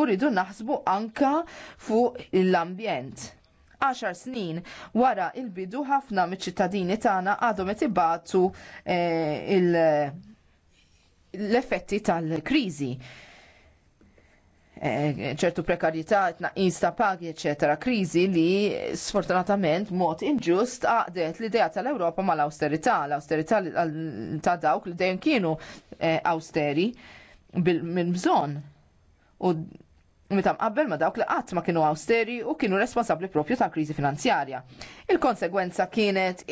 Uridu naħsbu anka fuq l-ambjent. 10 snin wara il-bidu ħafna miċ-ċittadini tagħna għadhom qed ibatu eh, l-effetti tal-kriżi eh, ċertu prekarjetà, tnaqqis ta' pagi, eċetera, kriżi li sfortunatament mod inġust għaqdet l-idea tal-Ewropa mal awsterità l-austerità ta' dawk li dejjem kienu eh, awsteri bil bżonn U mitam qabbel ma dawk li qatt ma kienu awsteri u kienu responsabbli propju tal kriżi finanzjarja. Il-konsegwenza kienet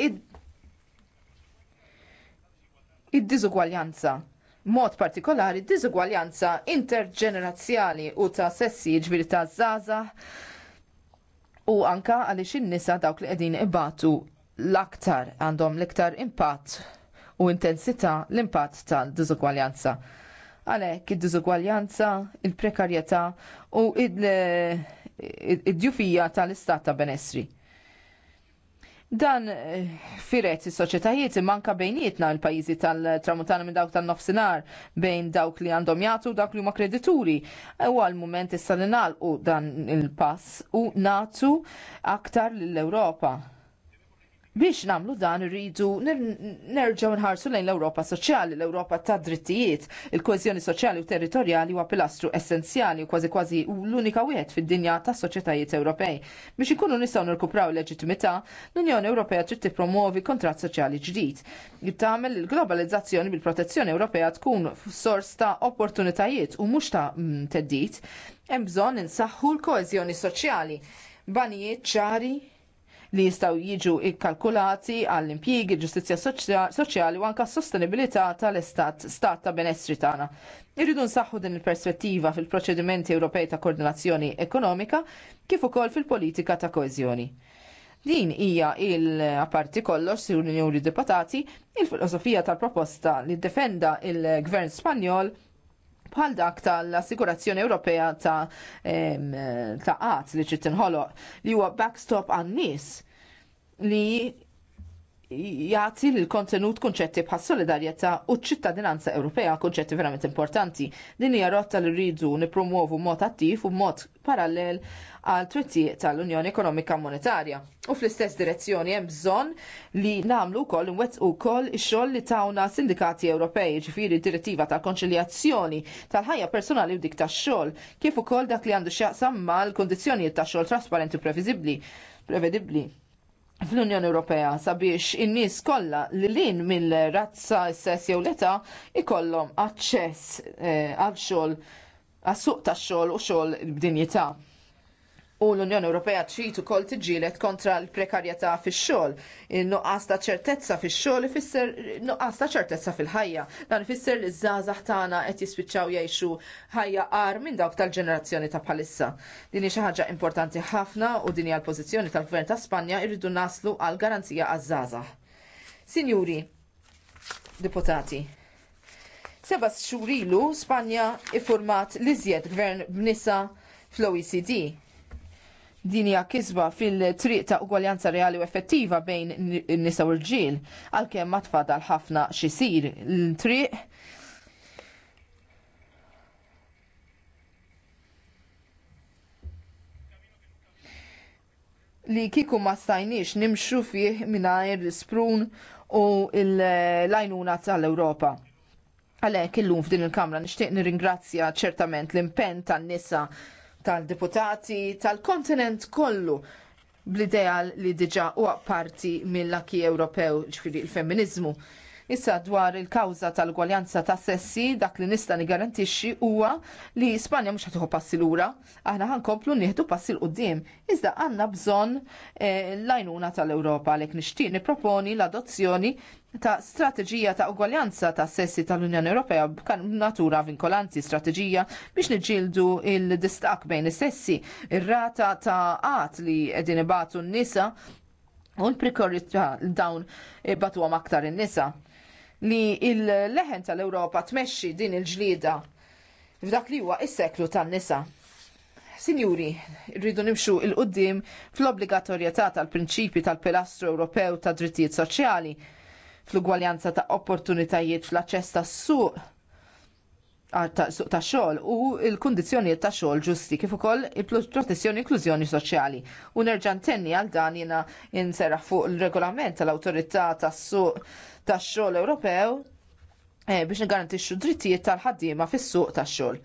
id-diżugwaljanza. Mod partikolari diżugwaljanza interġenerazzjali u ta' sessi ġbir ta' zaza u anka għaliex in-nisa dawk li qegħdin ibatu l-aktar għandhom l-iktar impatt u intensità l-impatt tal-diżugwaljanza. Għalhekk id-diżugwaljanza, il-prekarjetà u id-djufija tal-istat ta' benessri. Dan eh, firet is-soċjetajiet manka bejnietna l-pajjiżi tal-tramutana minn dawk tan-nofsinhar bejn dawk li għandhom jagħtu dawk li huma kredituri. U għal mument issa salinal u dan il-pass u natu aktar lill-Ewropa Biex namlu dan rridu nerġgħu nħarsu lejn l-Ewropa soċjali, l-Ewropa ta' drittijiet, il-kohezjoni soċjali u territorjali huwa pilastru essenzjali u kważi kważi l-unika wieħed fid-dinja tas soċjetajiet Ewropej. Biex ikunu nistgħu nirkupraw leġittimità, l-Unjoni Ewropea trid tippromovi kontratt soċjali ġdid. Tagħmel il-globalizzazzjoni bil-protezzjoni Ewropea tkun sors ta' opportunitajiet u mhux ta' mm, teddit hemm bżonn insaħħu l-koeżjoni soċjali, banijiet ċari li jistgħu jiġu ikkalkulati għall-impjiegi, ġustizzja soċjali u anke s-sostenibilità tal-istat stat ta' benessri tagħna. Irridu nsaħħu din il-perspettiva fil-proċedimenti Ewropej ta' koordinazzjoni ekonomika kif ukoll fil-politika ta' koeżjoni. Din hija il apparti kollox sur unjoni Deputati il-filosofija tal-proposta li defenda il-Gvern Spanjol bħal dak tal-Assigurazzjoni Ewropea ta' ta' qatt li ċittinħoloq li huwa backstop għan-nies li jagħti l kontenut kunċetti bħas solidarjetà u ċ-ċittadinanza Ewropea kunċetti verament importanti. Din hija rotta li rridu nippromuovu mod attiv u mod parallel għal twittijiet tal-Unjoni Ekonomika Monetarja. U fl-istess direzzjoni hemm bżonn li nagħmlu wkoll inwett ukoll ix-xogħol li tawna sindikati Ewropej, ġifieri direttiva tal-konċiljazzjoni tal-ħajja personali u dik tax-xogħol, kif ukoll dak li għandu x'jaqsam mal-kundizzjonijiet tax-xogħol trasparenti u previżibbli. Prevedibbli fl-Unjoni Ewropea sabiex in-nies kollha li lin mill-razza, sess jew l-età ikollhom aċċess eh, għal xogħol għas-suq tax-xogħol u xogħol b'dinjità u l-Unjoni Ewropea trid ukoll tiġilet kontra l-prekarjetà fix-xogħol. il nuqqas ta' ċertezza fix-xogħol ifisser nuqqas ta' ċertezza fil-ħajja. Dan ifisser li żgħażagħ tagħna qed jispiċċaw jgħixu ħajja qar minn dawk tal-ġenerazzjoni ta' bħalissa. Din hi xi ħaġa importanti ħafna u din hija l-pożizzjoni tal-Gvern ta' Spanja irridu naslu għal garanzija għaż-żgħażagħ. Sinjuri, deputati, seba' xhur ilu Spanja iffurmat l-iżjed gvern b'nisa fl-OECD Din hija kisba fil-triq ta' ugwaljanza reali u effettiva bejn nisa u l-ġil, għalkemm ma tfadal ħafna xisir l-triq li kiku ma stajniex nimxu fih minnajr l-sprun u l-lajnuna tal-Europa. Għalek, illum f'din il-kamra nishtiq nirringrazzja ċertament l-impen tan-nisa tal-diputati tal-kontinent kollu bl-ideal li diġa huwa parti mill-laki Ewropew ġifiri il femminiżmu Issa dwar il-kawza tal-gwaljanza ta' sessi dak li nista' nigarantixxi huwa li Spanja mhux ħatiħu passi lura, aħna ħankomplu nieħdu passi l qudiem iżda għandna bżonn eh, l-għajnuna tal-Ewropa għalhekk nixtieq nipproponi l-adozzjoni ta' strateġija ta' ugwaljanza ta' sessi tal-Unjoni Ewropea b'kan natura vinkolanti strateġija biex niġġieldu il-distak bejn is-sessi, ir-rata ta' għat li qegħdin ibatu n-nisa u l-prikorità dawn ibatu aktar in-nisa li il-leħen tal-Ewropa tmexxi din il-ġlieda f'dak li huwa is-seklu tan-nisa. Sinjuri, rridu nimxu il-qoddim fl-obbligatorjetà tal-prinċipi tal-pilastru Ewropew ta' drittijiet soċjali, fl-ugwaljanza ta' opportunitajiet fl-aċċess tas-suq ta' xogħol u l-kundizzjonijiet ta' xogħol ġusti kif ukoll il-protezzjoni inklużjoni soċjali. U nerġa' ntenni għal dan jiena inserraħ fuq il-regolament tal-awtorità tas-suq tax-xogħol Ewropew eh, biex nigarantixxu drittijiet tal-ħaddiema fis-suq tax-xogħol.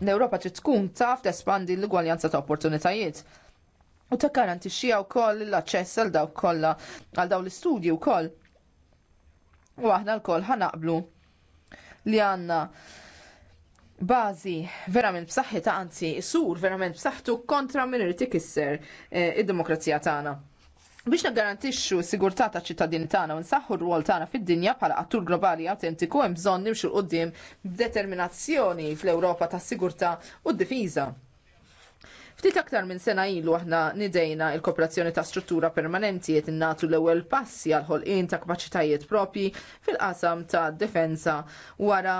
L-Ewropa trid tkun taf tespandi l-ugwaljanza ta' opportunitajiet. U ta' garantixxija wkoll l-aċċess għal dawk kollha għal dawn l-istudji wkoll. U aħna lkoll ħanaqblu li għandna bażi verament b'saħħitha anzi sur verament b'saħħtu kontra minn irid ikisser eh, id-demokrazija tagħna. Biex naggarantixxu sigurtà taċ ċittadini tagħna u nsaħħu r-rwol tagħna fid-dinja bħala attur globali awtentiku hemm bżonn nimxu l-qudiem b'determinazzjoni fl-Ewropa ta' sigurtà u d-difiża. Ftit aktar minn sena ilu aħna nidejna il-kooperazzjoni ta' struttura permanenti qed innatu l-ewwel passi għal ħolqien ta' kapaċitajiet propri fil-qasam ta' defensa wara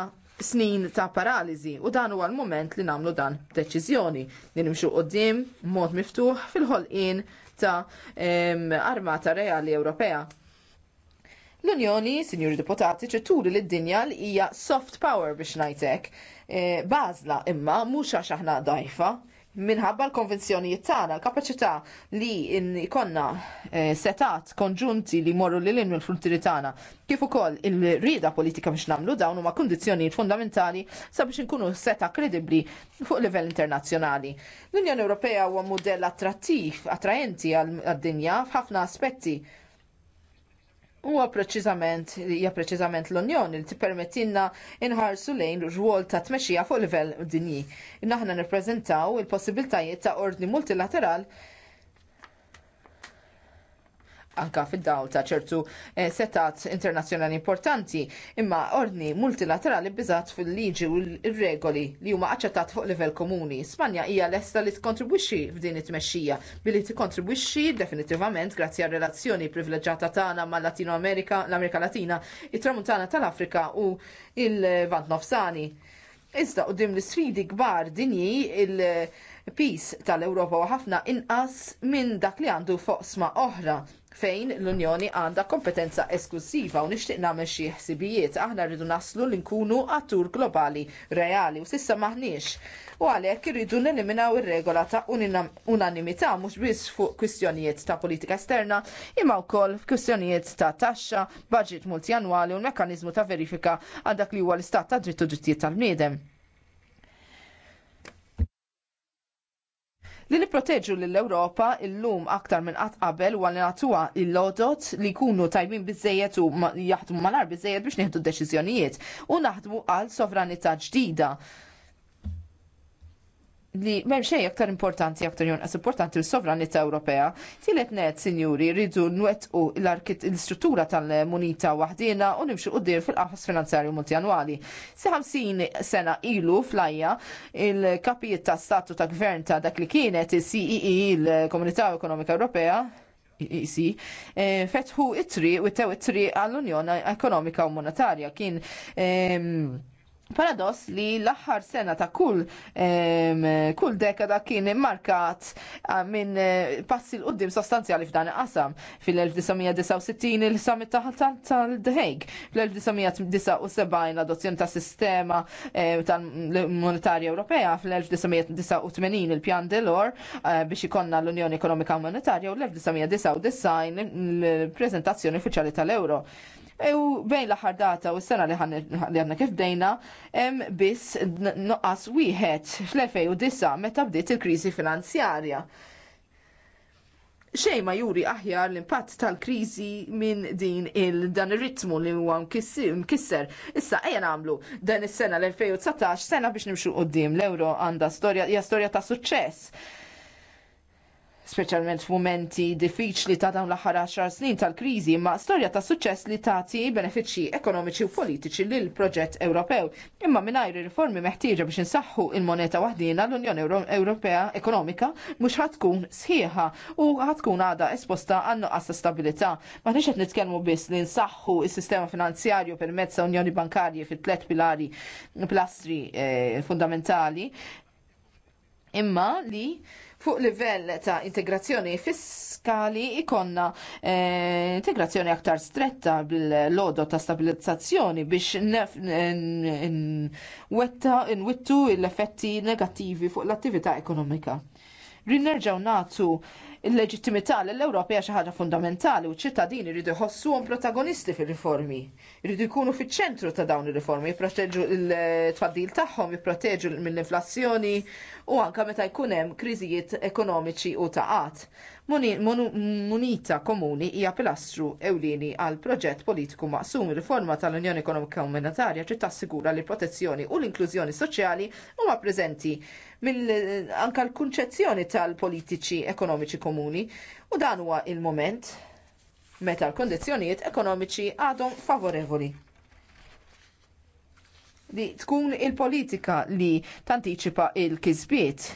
snin ta' paraliżi u dan huwa l mument li nagħmlu dan deċiżjoni li nimxu qudiem mod miftuħ fil-ħolqien ta' armata reali Ewropea. L-Unjoni, Sinjuri Deputati, ċitturi l-dinja li hija soft power biex najtek. E, bazla imma mhux għax aħna dajfa, minħabba l konvenzjoni tagħna, l-kapaċità li jkollna eh, setat konġunti li morru lil l mill-frontieri tagħna, kif ukoll il-rieda politika biex nagħmlu dawn huma kundizzjonijiet fundamentali sabiex inkunu seta kredibbli fuq livell internazzjonali. L-Unjoni Ewropea huwa mudell attrattiv, attrajenti għad-dinja f'ħafna aspetti huwa preċiżament hija preċiżament l-Unjoni li tippermettilna inħarsu lejn rwol ta' tmexxija fuq livell dinji. Naħna nirpreżentaw il-possibiltajiet ta' ordni multilateral anka fid-dawl ta' ċertu eh, setat internazzjonali importanti, imma ordni multilaterali biżat fil-liġi u l-regoli li huma aċċettat fuq livell komuni. Spanja hija lesta li tkontribwixxi f'din it-tmexxija billi tikkontribwixxi definitivament grazzi għal relazzjoni privileġġata tagħna mal Latino Amerika, l-Amerika Latina, it-Tramuntana tal-Afrika u il-Vant Nofsani. Iżda qudiem l-sfidi kbar dinji il- peace tal-Ewropa u ħafna inqas minn dak li għandu foqsma oħra fejn l-Unjoni għandha kompetenza esklusiva u nixtieq nagħmel xi ħsibijiet aħna rridu naslu li nkunu attur globali reali u s'issa maħniex. U għalhekk irridu neliminaw ir-regola ta' unanimità mhux biss fuq kwistjonijiet ta' politika esterna imma wkoll kwistjonijiet ta' taxxa, budget multjanwali u l-mekkaniżmu ta' verifika għal dak li huwa l-istat ta' drittu drittijiet tal-bniedem. Li nipproteġu l-Ewropa lum aktar minn qatt qabel u għalli natuha il-lodot li jkunu tajbin bizzejiet u jaħdmu malar bizzejiet biex nieħdu deċiżjonijiet u naħdmu għal sovranità ġdida li m'hemm xejn aktar importanti aktar as importanti l-sovranità Ewropea. Tielet net, sinjuri, rridu nwettqu l-istruttura tal-munita waħdina u nimxu qudiem fil-qafas finanzjarju multianwali. Si 50 sena ilu flajja il-kapijiet ta' statu ta' gvern ta' dak li kienet il-CEE, e, l komunità Ekonomika Ewropea, Isi, e e eh, fetħu it-tri u tew it-tri għall-Unjoni Ekonomika u Monetarja kien ehm, Paradoss li l-aħħar sena ta' kull kull dekada kien immarkat minn passi l qoddim sostanzjali f'dan qasam fil-1969 il-summit tal-Deheg, fil-1979 l-adozzjoni ta' sistema tal-monetarja Ewropea, fil-1989 il-pjan Delor biex ikonna l-Unjoni Ekonomika Monetarja u l-1999 il-prezentazzjoni uffiċjali tal-Euro u bejn l-aħħar data u s-sena li għandna kif bdejna hemm biss noqqas wieħed fl-2009 meta bdiet il-kriżi finanzjarja. Xejn ma juri aħjar l-impatt tal-kriżi minn din il-dan ir-ritmu li huwa mkisser. Issa ejja nagħmlu dan is-sena l-2019 sena biex nimxu qudiem l-euro għandha storja hija storja ta' suċċess speċjalment f'mumenti diffiċli ta' dawn l-aħħar 10 snin tal-kriżi, imma storja ta' suċċess li tagħti benefiċċji ekonomiċi u politiċi lil proġett Ewropew. Imma mingħajr riformi meħtieġa biex insaħħu il-moneta waħdina l-Unjoni Ewropea ekonomika mhux ħatkun sħiħa u ħatkun għada esposta għannu ta' stabilità. Ma qed nitkellmu biss li nsaħħu is-sistema finanzjarju permezz ta' Unjoni Bankarji fit-tlet pilari pilastri eh, fundamentali imma li fuq livell ta' integrazzjoni fiskali ikonna eh, integrazzjoni aktar stretta bil-lodo ta' stabilizzazzjoni biex nwittu l-effetti negattivi fuq l-attività ekonomika. Rinnerġaw natu il-leġittimità l-Ewropa hija xi ħaġa fundamentali u ċittadini jridu jħossuhom protagonisti fir-riformi. Jridu jkunu fiċ-ċentru ta' dawn ir-riformi, jipproteġu l-tfaddil tagħhom, jipproteġu mill-inflazzjoni u anke meta jkun hemm kriżijiet ekonomiċi u ta' qatt. Munita komuni hija pilastru ewlieni għal proġett politiku maqsum riforma tal-Unjoni Ekonomika Monetarja ġiet tassigura li protezzjoni u l-inklużjoni soċjali huma preżenti mill anka l-kunċezzjoni tal-politiċi ekonomiċi komuni komuni u dan huwa il-moment meta l-kondizzjonijiet ekonomiċi għadhom favorevoli li tkun il-politika li tantiċipa il-kizbiet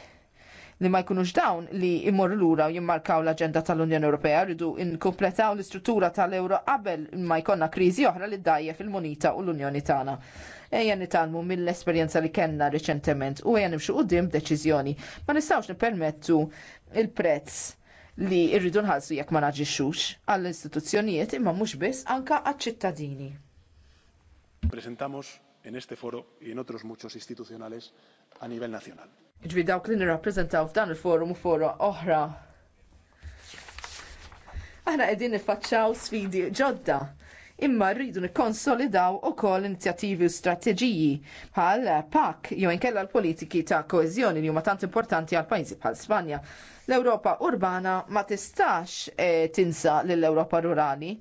li ma jkunux dawn li immorru lura u jimmarkaw l-agenda tal-Unjoni Ewropea rridu nkompletaw l-istruttura tal-euro qabel ma jkollna kriżi oħra li ddajja fil-munita u l-Unjoni tagħna. Ejja nitalmu mill-esperjenza li kellna reċentement u ejja nimxu qudiem b'deċiżjoni. Ma nistgħux nippermettu il-prezz li rridu nħallsu jekk ma naġixxux għall-istituzzjonijiet imma mhux biss anke għaċ-ċittadini. Presentamos en este foro y en otros muchos institucionales a nivel nacional. Ġvi dawk li nirrappreżentaw f'dan il-forum u fora oħra. Aħna qegħdin nifaċċaw sfidi ġodda imma rridu nikkonsolidaw ukoll inizjattivi u strateġiji bħal PAK jew inkella l-politiki ta' koeżjoni li huma tant importanti għal pajjiżi bħal Spanja. L-Ewropa urbana ma tistax eh, tinsa lill ewropa rurali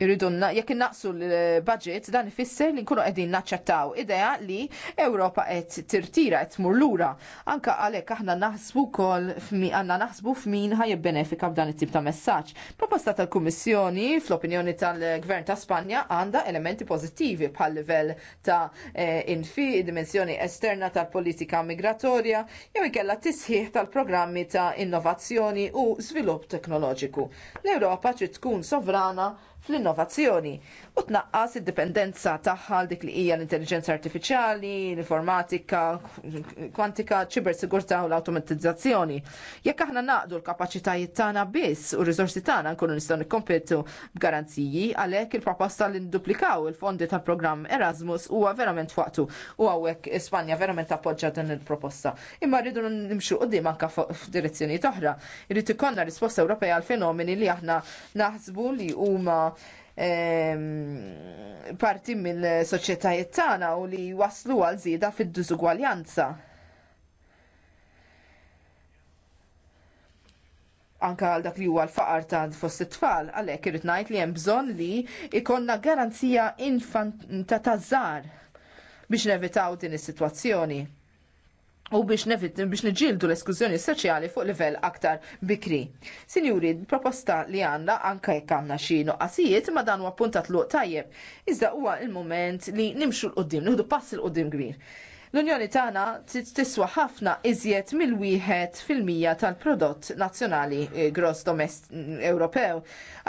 Irridunna jekk innaqsu l-budget dan ifisser li nkunu qegħdin naċċettaw idea li Ewropa qed tirtira qed tmur lura. Anka għalhekk aħna naħsbu wkoll għandna naħsbu f'min ħajibbenefika f'dan it-tip ta' messaġġ. Proposta tal-Kummissjoni fl-opinjoni tal-Gvern ta' Spanja għandha elementi pożittivi bħal livell ta' eh, infi dimensjoni esterna tal-politika migratorja jew ikella tisħiħ tal-programmi ta' innovazzjoni u żvilupp teknoloġiku. L-Ewropa trid tkun sovrana fl-innovazzjoni u tnaqqas id-dipendenza tagħha dik li hija l-intelligenza artifiċjali, l-informatika, kwantika, ċibersigurtà u l-automatizzazzjoni. Jekk aħna naqdu l-kapaċitajiet tagħna biss u r-riżorsi tagħna nkunu nistgħu nikkompetu b'garanziji għalhekk il-proposta li nduplikaw il-fondi tal-programm Erasmus huwa verament waqtu u hawnhekk Ispanja verament appoġġja din il-proposta. Imma rridu nimxu qudiem anke f'direzzjonijiet oħra. Irrid ikollna risposta Ewropea għal fenomeni li aħna naħsbu li huma Ehm, parti mill-soċjetajiet tagħna u li waslu għal żieda fid-diżugwaljanza. anka għal dak li huwa l-faqar ta' fost it-tfal, għalhekk irid ngħid li hemm bżonn li ikollna garanzija infant ta' żgħar biex nevitaw din is-sitwazzjoni u biex biex nġildu l-eskużjoni soċjali fuq livell aktar bikri. Sinjuri, proposta li għanna anka jekk għanna xi noqqasijiet ma dan huwa puntat luq tajjeb. Iżda huwa il-moment li nimxu l-qoddim, nieħdu pass l-qoddim kbir. L-Unjoni tagħna tiswa ħafna iżjed mill-wieħed fil-mija tal-prodott nazzjonali eh, gross domest mm, Ewropew.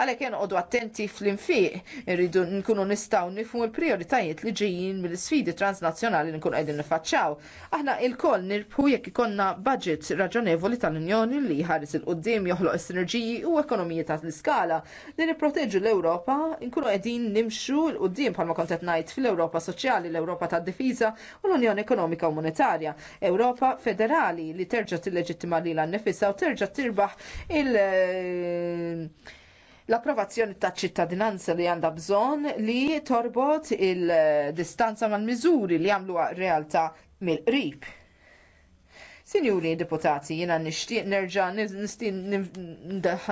Għalhekk inqogħdu attenti fl-infiq, irridu nkunu nistgħu nifhmu l-prijoritajiet li ġejjin mill-sfidi transnazzjonali li nkunu qegħdin nifaċċaw. Aħna il-koll nirbħu jekk ikonna budget raġonevoli tal-Unjoni li jħares il-qudiem joħloq is-sinerġiji u ekonomiji tal-iskala li nipproteġu l-Ewropa nkunu qegħdin nimxu l-qudiem bħalma kont qed ngħid fl-Ewropa Soċjali, l-Ewropa tad-Difiża u l-Unjoni ekonomika u monetarja. Ewropa federali li terġa' tilleġittima lilha nnifisha u terġa' tirbaħ il- eh, l-approvazzjoni ta' ċittadinanza li għandha bżonn li torbot il-distanza mal-miżuri li għamlu realtà mill-qrib. Sinjuri deputati, jena nishtiq nerġa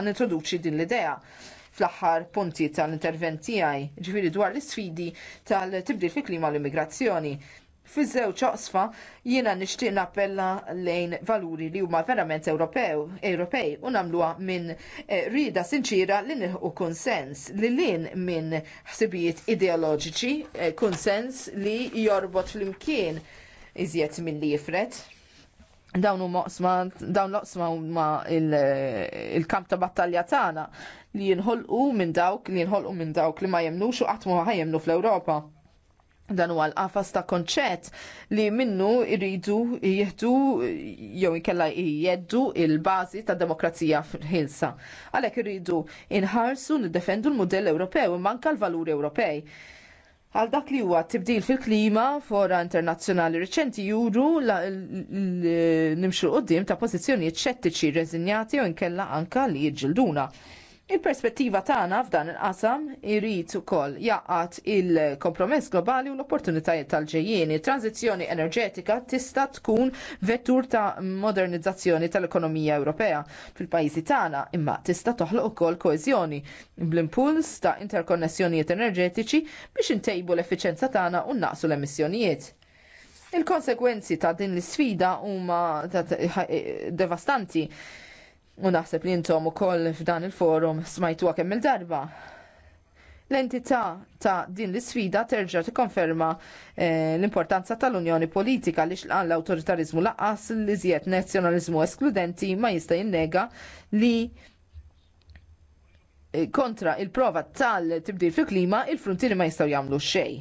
nintroduċi din l-idea fl-axħar punti tal-intervent tiegħi ġifiri dwar l-isfidi tal-tibdil fi klima l-immigrazzjoni. Fi żewġ oqsfa jiena nixtieq nappella lejn valuri li huma verament Ewropew, Ewropej u nagħmluha minn eh, rida sinċira li nilħu konsens li lin minn ħsibijiet ideoloġiċi, eh, konsens li jorbot flimkien iżjed li jifret. Dawn huma dawn l-oqsma huma eh, il-kamp ta' battalja tagħna li jinħolqu minn dawk li jinħolqu minn dawk li ma jemnux u qatt ma ħajemnu fl-Ewropa dan huwa l-qafas ta' konċett li minnu jridu jieħdu jew ikella jieddu il-bażi ta' demokrazija f'ħilsa. Għalhekk irridu inħarsu niddefendu l-mudell Ewropew imma l-valuri Ewropej. Għal dak li huwa tibdil fil-klima fora internazzjonali riċenti juru nimxu qoddim ta' pożizzjonijiet ċettiċi reżinjati u nkella anka li jiġġilduna. Il-perspettiva tagħna f'dan il-qasam irid ukoll jaqgħad il-kompromess globali u l-opportunitajiet tal-ġejjieni. Tranzizzjoni enerġetika tista' tkun vettur ta' modernizzazzjoni tal-ekonomija Ewropea fil-pajjiżi tagħna, imma tista' toħloq ukoll koeżjoni bl-impuls ta' interkonnessjonijiet enerġetiċi biex intejbu l-effiċenza tagħna u naqsu l-emissjonijiet. Il-konsekwenzi ta' din l isfida huma devastanti u naħseb li intom ukoll f'dan il-forum smajtuha kemm il-darba. L-entità ta' din l isfida terġa' tikkonferma eh, l-importanza tal-Unjoni Politika li xlaqan l-awtoritarizmu laqas li żjed nazzjonaliżmu eskludenti ma jista' jinnega li eh, kontra il-prova tal-tibdil fil-klima il fruntieri ma jistgħu jagħmlu xejn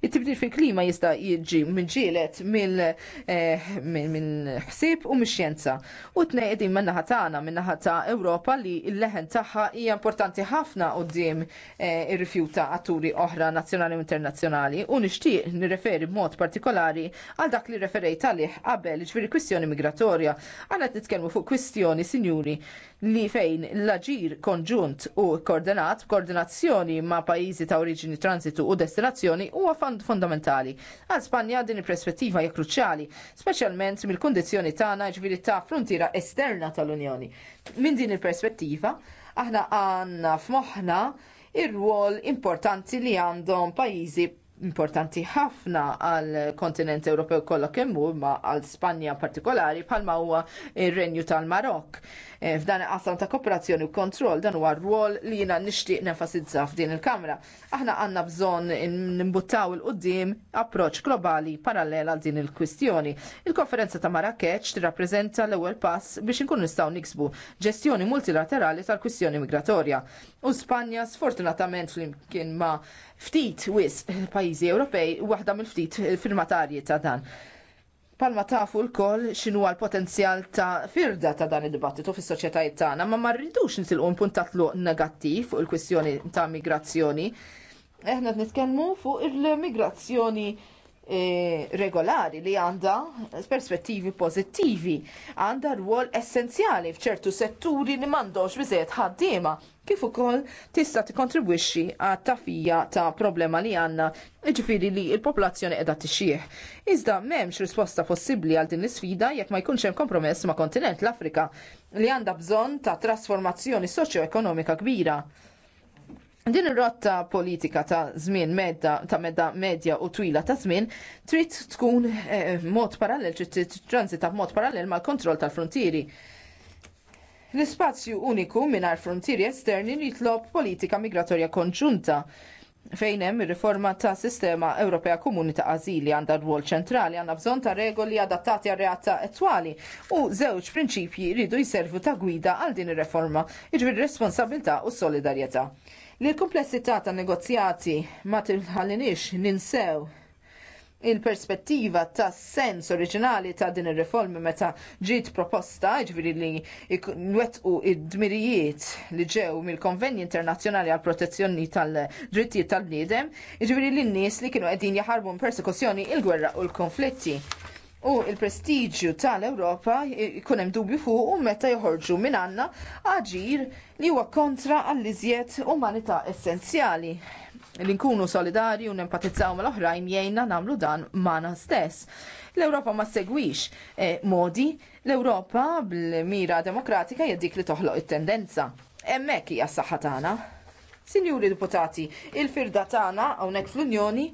It-tibdil fil-klima jista' jiġi minġielet mill-ħsieb eh, u mix-xjenza. U t-nej qegħdin minn naħa tagħna minn naħa ta' Ewropa li l-leħen tagħha hija importanti ħafna quddiem eh, ir-rifjut ta' atturi oħra nazzjonali u internazzjonali u nixtieq nirreferi b'mod partikolari għal dak li referejt għalih qabel ġifieri kwistjoni migratorja. Għandna nitkellmu fuq kwistjoni, sinjuri, li fejn l-aġir konġunt u koordinat koordinazzjoni ma' pajjiżi ta' oriġini transitu u destinazzjoni huwa fond fundamentali. Għal Spanja din il-perspettiva hija kruċjali, speċjalment mill-kundizzjoni tagħna ġviri ta' frontiera esterna tal-Unjoni. Min din il-perspettiva, aħna għandna f'moħħna ir-rwol importanti li għandhom pajjiżi importanti ħafna għal kontinent Ewropew kollha kemm hu ma għal Spanja partikolari bħalma huwa ir-Renju tal-Marokk. Eh, f'dan qasam ta' kooperazzjoni u kontroll dan huwa rwol li jiena nixtieq nenfasizza f'din il-Kamra. Aħna għandna bżonn nimbuttaw il qudiem approċċ globali parallel għal din il-kwistjoni. Il-konferenza ta' Marrakeċ tirrappreżenta l-ewwel pass biex inkunu nistgħu niksbu ġestjoni multilaterali tal-kwistjoni migratorja. U Spanja sfortunatament flimkien ma' ftit wis pajjiżi Ewropej waħda mill-ftit firmatarji ta' dan palma tafu l-koll xinu għal potenzjal ta' firda ta' dan id-dibattitu fis soċjetajiet tagħna, ma marridux nitilqu puntatlu negattiv fuq il-kwistjoni ta' migrazzjoni. Eħna nitkellmu fuq il-migrazzjoni E, regolari li għandha perspettivi pożittivi għandha rwol essenzjali f'ċertu setturi li mandoċ bizet ħaddiema kif ukoll tista' tikkontribwixxi għat tafija ta' problema li għandna ġifiri li l popolazzjoni qiegħda tixjih. Iżda m'hemmx risposta possibbli għal din l-isfida jekk ma jkunx hemm kompromess ma' kontinent l-Afrika li għandha bżonn ta' trasformazzjoni soċjo-ekonomika kbira. Din ir-rotta politika ta' żmien medda ta' medda medja u twila ta' żmien trid tkun eh, mod parallel trid transita b'mod parallel mal-kontroll tal-frontieri. L-ispazju uniku mingħajr frontieri esterni jitlob politika migratorja konġunta fejn hemm ir-riforma ta' sistema Ewropea Komuni ta' Azili għandha rwol ċentrali għandha bżonn ta' regoli adattati għar realtà attwali u żewġ prinċipji jridu jservu ta' gwida għal din ir-reforma, jiġri responsabilità u solidarjetà. Li l-komplessità tan negozjati ma tilħallinix ninsew il-perspettiva tas sens oriġinali ta' din ir-riformi meta ġiet proposta, ġviri li nwettqu id-dmirijiet li ġew mill-Konvenji Internazzjonali għal Protezzjoni tal-Drittijiet tal-Bniedem, ġviri li n-nies li kienu qegħdin jaħarbu persekuzzjoni il-gwerra u l-konflitti u il-prestiġju tal-Ewropa jkun hemm dubju fuq u meta joħorġu minn għandna aġir li huwa kontra għall-iżjed umanità essenzjali. Li nkunu solidari u nempatizzaw mal-oħrajn jgħinna nagħmlu dan magħna stess. L-Ewropa ma segwix e, modi, l-Ewropa bl-mira demokratika jeddik li toħloq it-tendenza. Hemmhekk hija s-saħħa tagħna. Sinjuri deputati, il-firda tagħna hawnhekk fl-Unjoni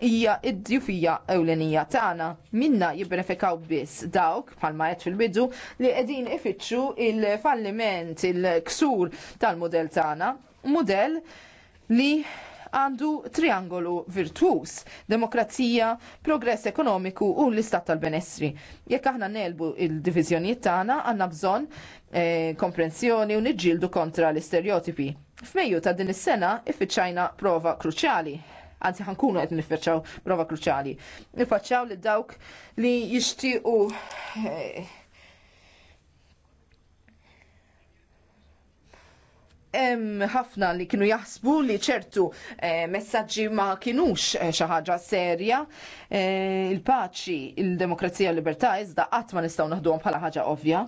hija id-djufija ewlenija tagħna. Minna jibbenefikaw biss dawk bħalma qed fil-bidu li qegħdin ifittxu il-falliment, il-ksur tal-mudell tagħna, mudell li għandu triangolu virtuż, demokrazija, progress ekonomiku u l-istat tal-benessri. Jekk aħna nelbu il divizjoniet tagħna għandna bżonn eh, komprensjoni u niġġieldu kontra l-istereotipi. F'Mejju ta' din is-sena iffiċċajna prova kruċjali anzi ħankunu qed nifferċaw prova kruċali. Nifaċċaw li dawk li jixtiequ hemm eh, ħafna li kienu jaħsbu li ċertu eh, messaġġi ma kinux eh, xi ħaġa serja. Eh, il-paċi, il-demokrazija, l-libertà iżda qatt ma nistgħu naħduhom bħala ħaġa ovvja.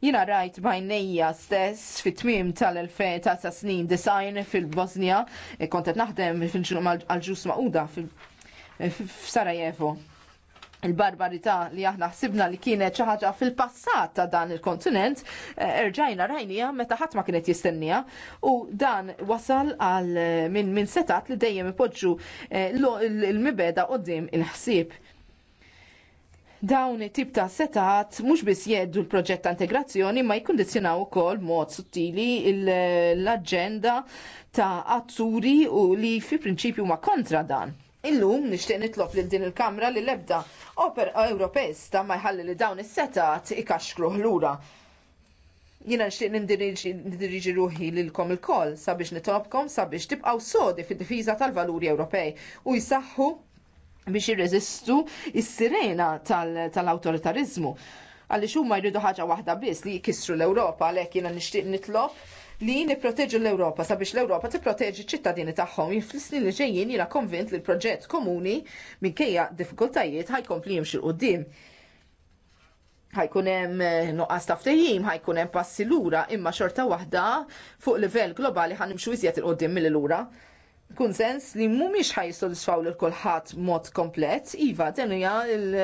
Jina rajt bajnejja stess fit-tmim tal-2000 ta' sa' snin design fil-Bosnia, e, kontet naħdem fil-ġnum għal-ġus ma'uda fil-Sarajevo. Il-barbarità li aħna ħsibna li kienet xi ħaġa fil-passat ta' dan il-kontinent, e, erġajna rajnija meta ħadd ma kienet jistennija u dan wasal għal minn min setat li dejjem ipoġġu e, l-mibeda qudiem il-ħsieb dawn it-tip ta' setat mhux biss jeddu l-proġett ta' integrazzjoni ma jkundizzjonaw ukoll mod sottili l-aġenda ta' atturi u li fi prinċipju ma' kontra dan. Illum nixtieq nitlob lil din il-Kamra li l-ebda oper Ewropesta ma jħalli li dawn is-setat ikaxkru ħlura. Jiena nixtieq nindiriġi ruħi lilkom il-koll sabiex nitobkom sabiex tibqgħu sodi fid-difiża tal-valuri Ewropej u jsaħħu biex jirreżistu is-sirena tal-awtoritarizmu. Tal Għaliex huma jridu ħaġa waħda biss li jkissru l-Ewropa għalhekk jiena nixtieq nitlob li nipproteġu l-Ewropa sabiex l-Ewropa tipproteġi ċittadini tagħhom. Fl-snin li ġejjin jiena konvint li l-proġett komuni minkejja diffikultajiet ħajkompli jimxil qudiem. Ħajkun hemm eh, nuqqas ta' ftehim, ħajkun hemm passi lura imma xorta waħda fuq livell globali ħanimxu iżjed il-qudiem mill-lura. Kun sens li mhumiex ħajsodisfaw lil kulħadd mod komplett, iva din l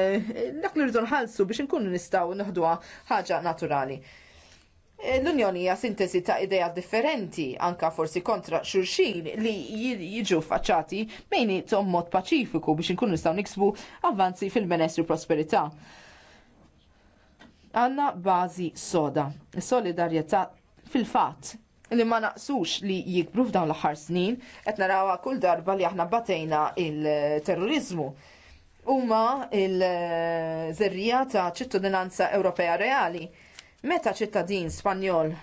dak li rridu ħalsu biex inkunu nistgħu neħduha ħaġa naturali. E, L-Unjoni hija sintesi ta' idea differenti, anka forsi kontra xulxin li jiġu faċċati bejni tom mod paċifiku biex inkunu nistgħu niksbu avvanzi fil-benessri prosperità. Għanna bażi soda, solidarjetà fil-fatt li ma naqsux li jikbru f'dawn l-aħħar snin, qed narawha kull darba li aħna batejna il-terrorizmu. Huma il-żerrija ta' ċittadinanza Ewropea reali. Meta ċittadin Spanjol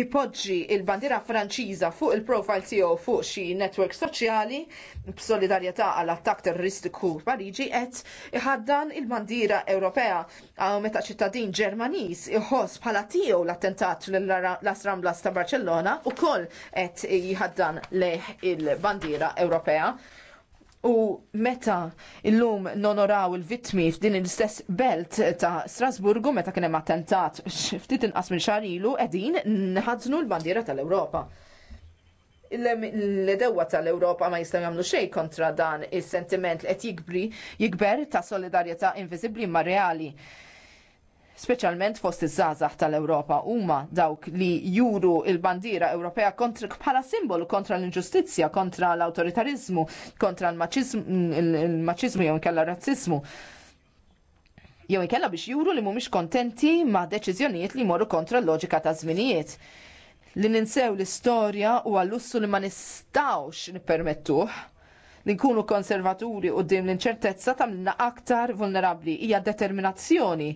ipoġġi il-bandira Franċiża fuq il-profile tiegħu fuq xi netwerk soċjali b'solidarjetà għall attakk terroristiku Pariġi qed iħaddan il-bandira Ewropea għal meta ċittadin Ġermaniż iħoss bħala tiegħu l-attentat Las Ramblas ta' Barcellona ukoll qed jħaddan leħ il-bandira Ewropea. U meta illum nonoraw il-vitmi f'din il istess belt ta' Strasburgu meta kien hemm attentat ftit inqas minn xahar ilu qegħdin nħadżnu l-bandiera tal-Ewropa. L-edewa tal-Ewropa ma jistaw jagħmlu xejn kontra dan is-sentiment li qed jikbri jikber ta' solidarjetà inviżibbli ma' reali speċjalment fost iż-żgħażagħ tal-Ewropa huma dawk li juru il-bandiera Ewropea kontra bħala simbolu kontra l-inġustizzja, kontra l-awtoritarizmu, kontra l-maċiżmu jew inkella r-razzismu jew inkella biex juru li mhumiex kontenti ma' deċiżjonijiet li jmorru kontra l-loġika ta' żminijiet. Li ninsew l-istorja u għallussu li ma nistawx nippermettuh li nkunu konservaturi u dim l-inċertezza tamlina aktar vulnerabli. Hija determinazzjoni,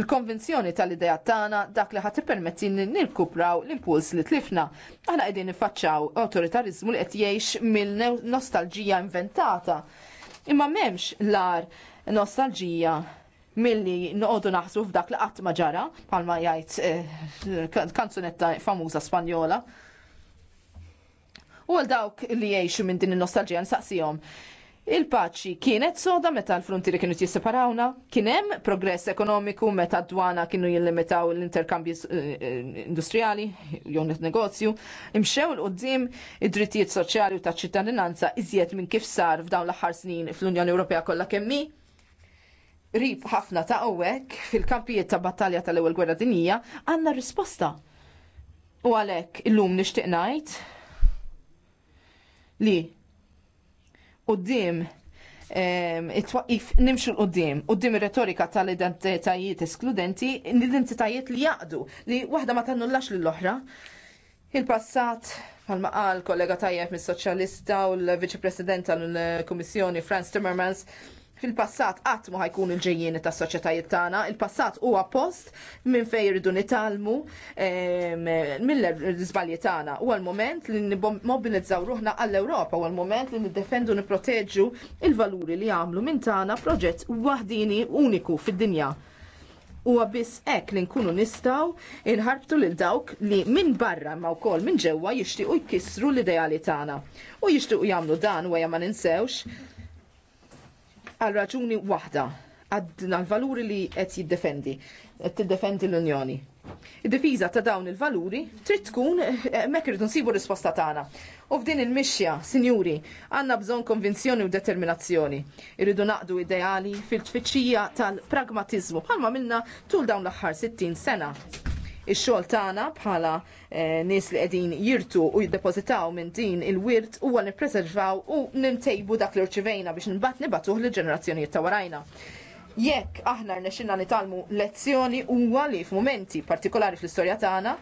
il-konvinzjoni tal-ideja tagħna dak li ħat permetti li nirkupraw l-impuls li tlifna. Aħna qegħdin nifaċċaw autoritarizmu li qed jgħix mill-nostalġija inventata. Imma m'hemmx l-ar nostalġija milli noqogħdu naħsu f'dak li qatt ma ġara, bħalma jgħid eh, kanzunetta famuża Spanjola u għal dawk li jgħixu minn din il-nostalġija nsaqsijom. Il-paċi kienet soda meta l frontiri kienu jisseparawna, kien hemm progress ekonomiku meta d-dwana kienu jillimitaw l-interkambji eh, eh, industrijali, jew negozju, imxew l qoddim id-drittijiet soċjali u ta' ċittadinanza iżjed minn kif sar f'dawn l-aħħar snin fl-Unjoni Ewropea kollha kemmi rib ħafna ta' għawek fil-kampijiet ta' battalja tal ewwel gwerra dinija għanna risposta. U għalek illum nishtiq najt li Uddim, ehm, it-twaqif nimxu l-qoddim, qoddim retorika tal-identitajiet eskludenti, l-identitajiet li jaqdu, li waħda ma tannullax l-oħra. Il-passat, palma qal kollega tajjeb mis soċjalista u l-Viċi President tal-Kummissjoni Franz Timmermans, fil-passat qatt ma ħajkun il-ġejjieni tas soċjetajiet tagħna, il-passat huwa post minn fejn iridu nitalmu mill-żbalji tagħna. Huwa l-mument li nimmobilizzaw ruħna għall-Ewropa, huwa l-mument li niddefendu nipproteġġu il-valuri li għamlu minn tagħna proġett waħdini uniku fid-dinja. Huwa biss hekk li nkunu nistgħu inħarbtu lil dawk li minn barra ma wkoll minn ġewwa jixtiequ jkissru l-ideali tagħna. U jixtiequ jagħmlu dan u ma ninsewx għal raġuni waħda għadna l-valuri li qed jiddefendi, qed tiddefendi l-Unjoni. Id-difiża ta' dawn il-valuri trid tkun eh, mekk irridu nsibu risposta tagħna. U f'din il-mixja, sinjuri, għandna bżonn konvinzjoni u determinazzjoni. Irridu naqdu ideali fil-tfittxija tal-pragmatizmu bħalma minna tul dawn l-aħħar 60 sena. Ix-xogħol tagħna bħala eh, nies li qegħdin jirtu u jiddepozitaw minn din il-wirt huwa nippreservaw u nimtejbu dak li urċivejna biex nbat nibatuh lill-ġenerazzjonijiet ta' warajna jekk aħna rnexxinna nitalmu lezzjoni huwa li f'mumenti partikolari fl-istorja tagħna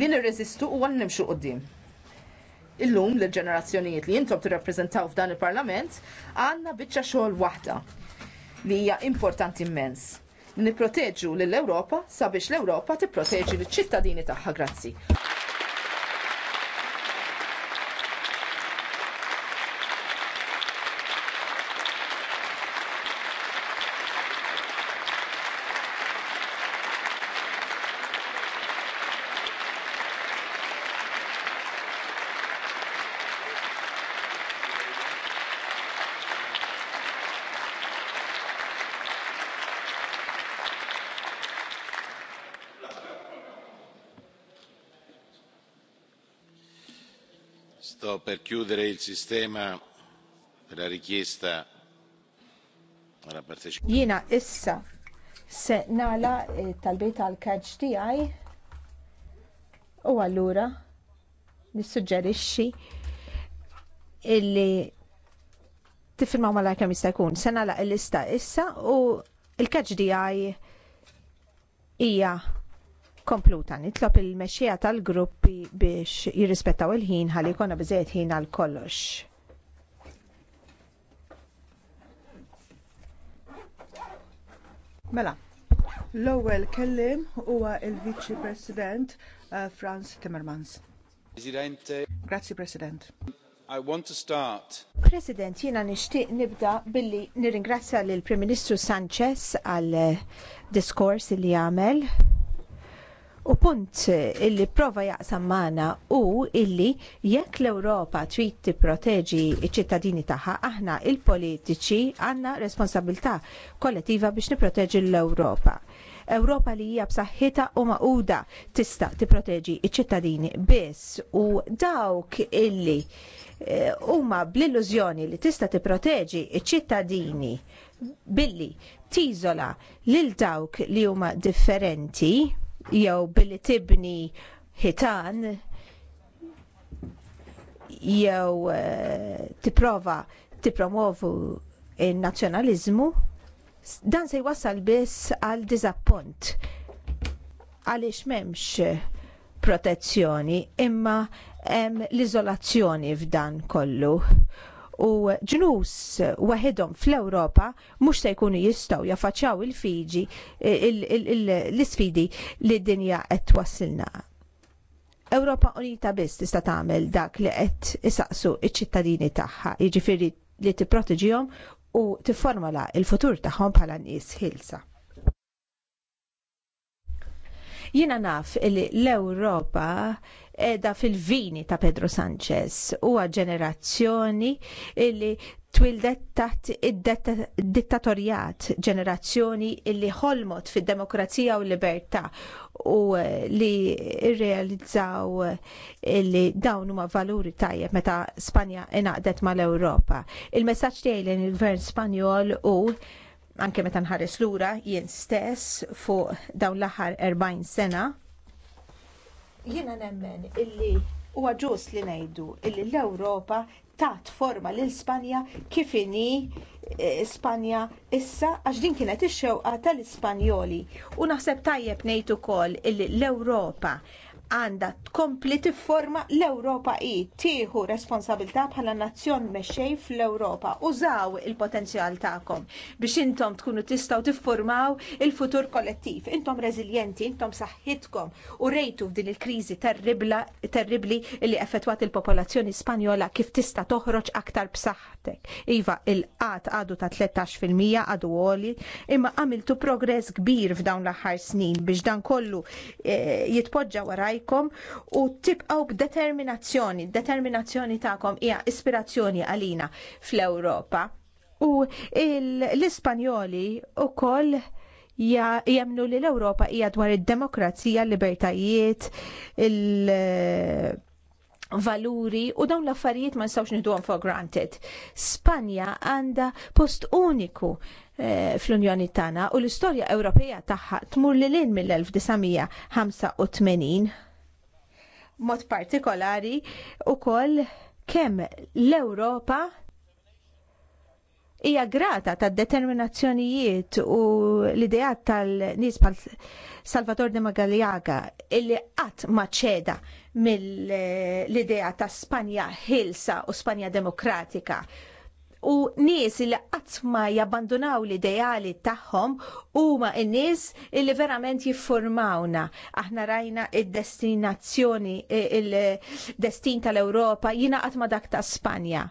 li nirreżistu huwa li nimxu qudiem. Illum l ġenerazzjonijiet li jintom tirrappreżentaw f'dan il-Parlament għandna biċċa xogħol waħda li hija importanti immens niproteġu lill-Ewropa sabiex l-Ewropa tipproteġi l-ċittadini tagħha. Grazzi. sto per chiudere il sistema la richiesta alla partecipazione. Jiena issa se nala eh, talbejt għal kaġġ tiegħi u allura nissuġġerixxi illi tiffirmaw malajr kemm jista' jkun. Se nagħlaq il-lista issa u l-kaġġ tiegħi hija kompluta. Nitlob il-mexxija tal-gruppi biex jirrispettaw il-ħin ħalli jkollna biżejjed ħin għal kollox. Mela, l-ewwel kellim huwa il-Viċi President uh, Franz Timmermans. Grazzi President. I want to start. President, jiena nixtieq nibda billi nirringrazzja lill prim Ministru Sanchez għal diskors li għamel U punt illi prova jaqsam magħna u illi jekk l-Ewropa trid tipproteġi ċ-ċittadini tagħha, aħna il-politiċi għandna responsabilità kollettiva biex nipproteġi l-Ewropa. Ewropa li hija b'saħħitha u maquda tista' tipproteġi ċ-ċittadini biss u dawk illi eh, huma bl-illużjoni li tista' tipproteġi ċ-ċittadini billi tiżola lil dawk li huma differenti jew billi tibni ħitan jew eh, tipprova tipromovu n-nazzjonaliżmu, dan se jwassal biss għal diżappunt għaliex m'hemmx protezzjoni imma hemm l-iżolazzjoni f'dan kollu u ġnus waħedhom fl-Ewropa mhux se jkunu jistgħu jaffaċċjaw il-fiġi l-isfidi li d-dinja qed twassilna. Ewropa Unita biss tista' tagħmel dak li qed isaqsu iċ-ċittadini tagħha, jiġifieri li tipprotiġihom u tifformala l futur tagħhom bħala nies ħilsa. Jiena naf li l-Ewropa edha fil-vini ta' Pedro Sanchez u ġenerazzjoni li twildet taħt id-dittatorjat, ġenerazzjoni illi ħolmot fid-demokrazija u l-libertà u eh, li irrealizzaw eh, li dawn huma valuri tajjeb meta Spanja inaqdet mal-Ewropa. Il-messaġġ tiegħi lejn il-Gvern Spanjol u anke meta nħares lura jien stess fuq dawn l-aħħar 40 sena. Jiena nemmen illi huwa ġust li ngħidu illi l-Ewropa tat forma lil Spanja kif inhi e, Spanja issa għax din kienet ix-xewqa tal-Ispanjoli u naħseb tajjeb ngħid ukoll illi l-Ewropa għanda tkompli tifforma l-Ewropa i tieħu responsabilità bħala nazzjon mexxej fl-Ewropa. Użaw il-potenzjal tagħkom biex intom tkunu tistgħu tiffurmaw il-futur kollettiv. Intom reżiljenti, intom saħħitkom u rejtu f'din il-kriżi terribli li effettwat il-popolazzjoni Spanjola kif tista' toħroġ aktar b'saħħtek. Iva, il-qat għadu ta' 13% għadu għoli, imma għamiltu progress kbir f'dawn l-aħħar snin biex dan kollu eh, jitpoġġa waraj għalikom u tibqgħu b'determinazzjoni, determinazzjoni tagħkom hija ispirazzjoni għalina fl-Ewropa. U l-Ispanjoli ukoll jemnu li l-Ewropa hija dwar id-demokrazija, l-libertajiet, il- valuri u dawn l-affarijiet ma nistawx nidwom for granted. Spanja għanda post uniku eh, fl-Unjoni tagħna u l-istorja Ewropea tagħha tmur lil mill-1985 mod partikolari wkoll kemm l-Ewropa hija grata tad determinazzjonijiet u l-idejat tal-nies pal Salvador de Magaliaga illi qatt maċeda mill-idea ta' Spanja ħilsa u Spanja demokratika u nies li qatt ma jabbandunaw l-ideali tagħhom huma n-nies li verament jiffurmawna. Aħna rajna id-destinazzjoni eh, il destin tal-Ewropa jina qatt ma dak ta' Spanja.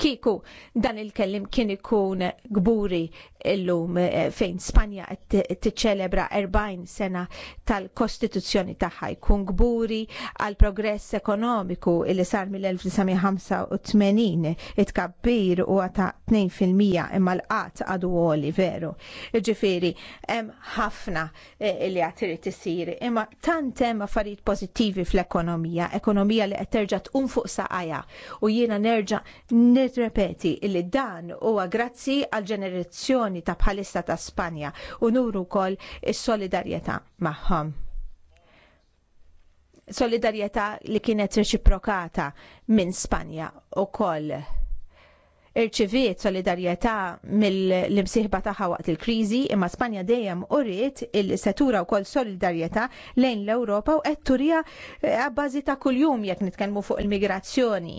Kiku dan il-kellim kien ikun gburi illum eh, fejn Spanja tiċċelebra 40 sena tal-Kostituzzjoni tagħha jkun gburi għal progress ekonomiku li sar mill-1985 it-kabbir huwa ta' 2% imma l-qatt għadu għoli veru. Ġifieri hemm ħafna eh, li għad irid isir imma tant hemm affarijiet pozittivi fl-ekonomija, ekonomija li qed terġa' tqum fuq saqajja u jiena nerġa' nirrepeti li dan huwa grazzi għal ġenerazzjoni situazzjoni ta' bħalissa ta' Spanja u nuru kol is-solidarjetà magħhom. Solidarjetà li kienet reċiprokata minn Spanja wkoll. Irċiviet solidarjetà mill-imsieħba tagħha waqt il-kriżi, imma Spanja dejjem uriet il-setura wkoll solidarjetà lejn l-Ewropa u qed turija eh, għabbażi ta' kuljum jekk nitkellmu fuq il-migrazzjoni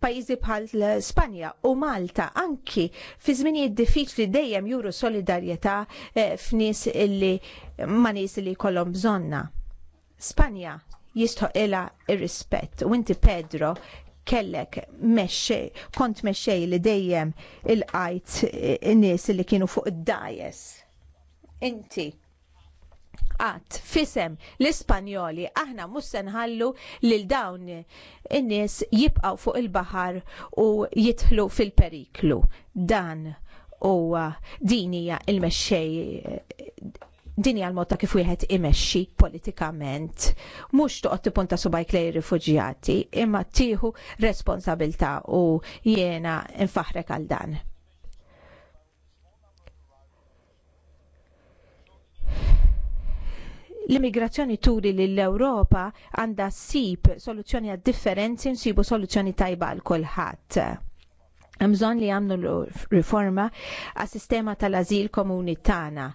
pajjiżi bħal Spanja u Malta anki fi żminijiet diffiċli dejjem juru solidarjetà eh, f'nies illi ma nies li jkollhom bżonna. Spanja jistħoqilha ir-rispett u inti Pedro kellek mexxej, kont mexxej li dejjem il-qajt eh, nies li kienu fuq id-dajes. Inti qatt fisem l-Ispanjoli aħna mhux se nħallu lil dawn in-nies jibqgħu fuq il-baħar u jitħlu fil-periklu. Dan huwa din hija l-mexxej din hija l-mod kif wieħed imexxi politikament. Mhux toqgħod tipunta subajk lej rifuġjati, imma tieħu responsabilità u jiena nfaħrek għal dan. L-immigrazzjoni turi li l-Ewropa għandha ssib soluzzjoni għad differenzi nsibu soluzzjoni tajba għal kulħadd. Hemm bżonn li għamlu riforma għas sistema tal-azil komuni tagħna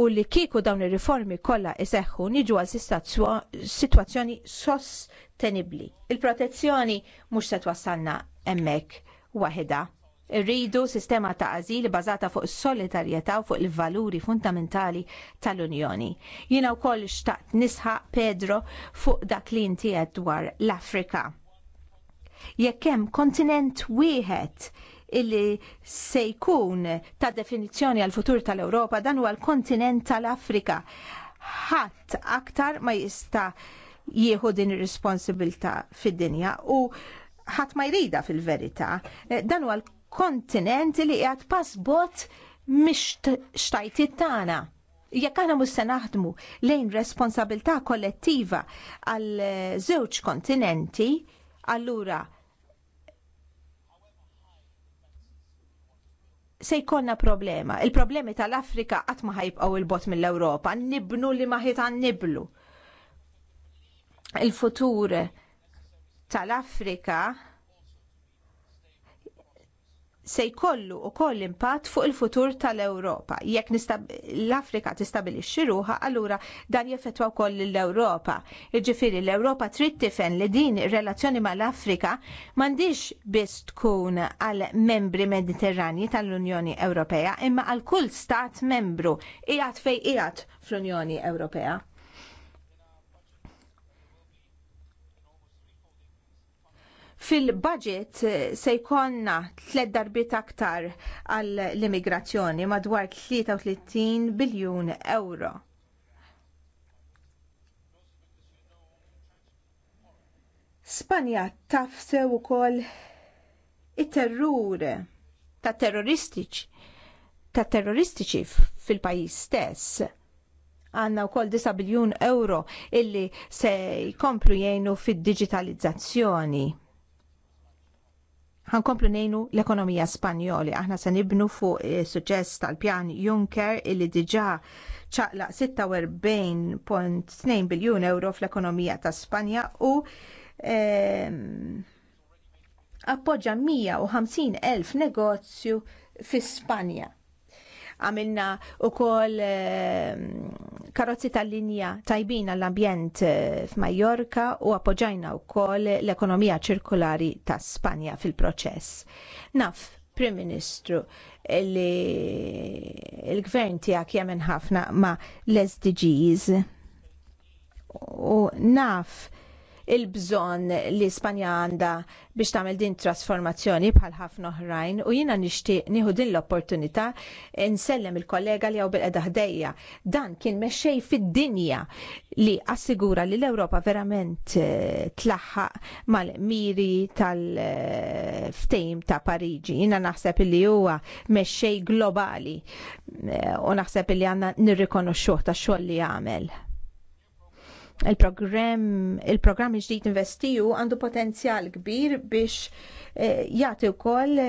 u li kieku dawn ir-riformi kollha iseħħu niġu għal sitwazzjoni sostenibbli. Il-protezzjoni mhux se twassalna hemmhekk waħda Irridu sistema ta' azil bazata fuq solidarjetà u fuq il-valuri fundamentali tal-Unjoni. u koll xtaqt nisħaq Pedro fuq dak li inti dwar l-Afrika. Jekk hemm kontinent wieħed illi se jkun ta' definizzjoni għal futur tal-Ewropa dan huwa l-kontinent tal-Afrika. Ħadd aktar ma jista' jieħu din ir-responsibilità fid-dinja u ħadd ma jrida fil-verità. Dan huwa l kontinent li qiegħed pasbot mhix xtajtit tagħna. Jekk aħna mhux se naħdmu lejn responsabilità kollettiva għal żewġ kontinenti, allura se jkollna problema. Il-problemi tal-Afrika qatt ma ħajbqgħu il-bot mill-Ewropa, nibnu li ma ħiet niblu. Il-futur tal-Afrika se jkollu wkoll impatt fuq il-futur tal-Ewropa. Jekk l-Afrika tistabilixxi ruħa, allura dan jeffetwa wkoll l-Ewropa. Jiġifieri l-Ewropa trid tifen li din ir-relazzjoni mal-Afrika m'għandix biss tkun għal membri Mediterranji tal-Unjoni Ewropea, imma għal kull stat membru qiegħed fejn qiegħed fl-Unjoni Ewropea. Fil-budget eh, se jkollna tliet darbiet aktar għall-immigrazzjoni madwar 33 biljun euro. Spanja tafse u kol it-terrur ta' terroristiċi ta' terroristiċi fil-pajis stess għanna u kol 9 biljun euro illi se jkomplu jgħinu fid-digitalizzazzjoni ħankomplu nejnu l-ekonomija Spanjoli. Aħna se nibnu fuq suċess tal-pjan Juncker illi diġa ċaqla 46.2 biljun euro fl-ekonomija ta' Spanja u eh, appoġġa 150 elf negozju fi Spanja għamilna wkoll ehm, karozzi tal-linja tajbin għall-ambjent eh, f'Majorka u appoġġajna wkoll l-ekonomija ċirkolari ta' Spanja fil-proċess. Naf, Prim Ministru, li l-gvern tiegħek jemen ħafna ma' l-SDGs u naf il-bżonn li Spanja għandha biex tagħmel din trasformazzjoni bħal ħafna oħrajn u jiena nixtieq nieħu din l-opportunità nsellem il-kollega li hawn bil ħdejja. Dan kien mexej fid-dinja li assigura li l-Ewropa verament eh, tlaħħaq mal-miri tal-ftejm ta' Pariġi. Jiena naħseb li huwa mexej globali eh, u naħseb li għandna nirrikonoxxuh tax-xogħol li għamel il-programm il-programm ġdid investiju għandu potenzjal kbir biex eh, jagħti wkoll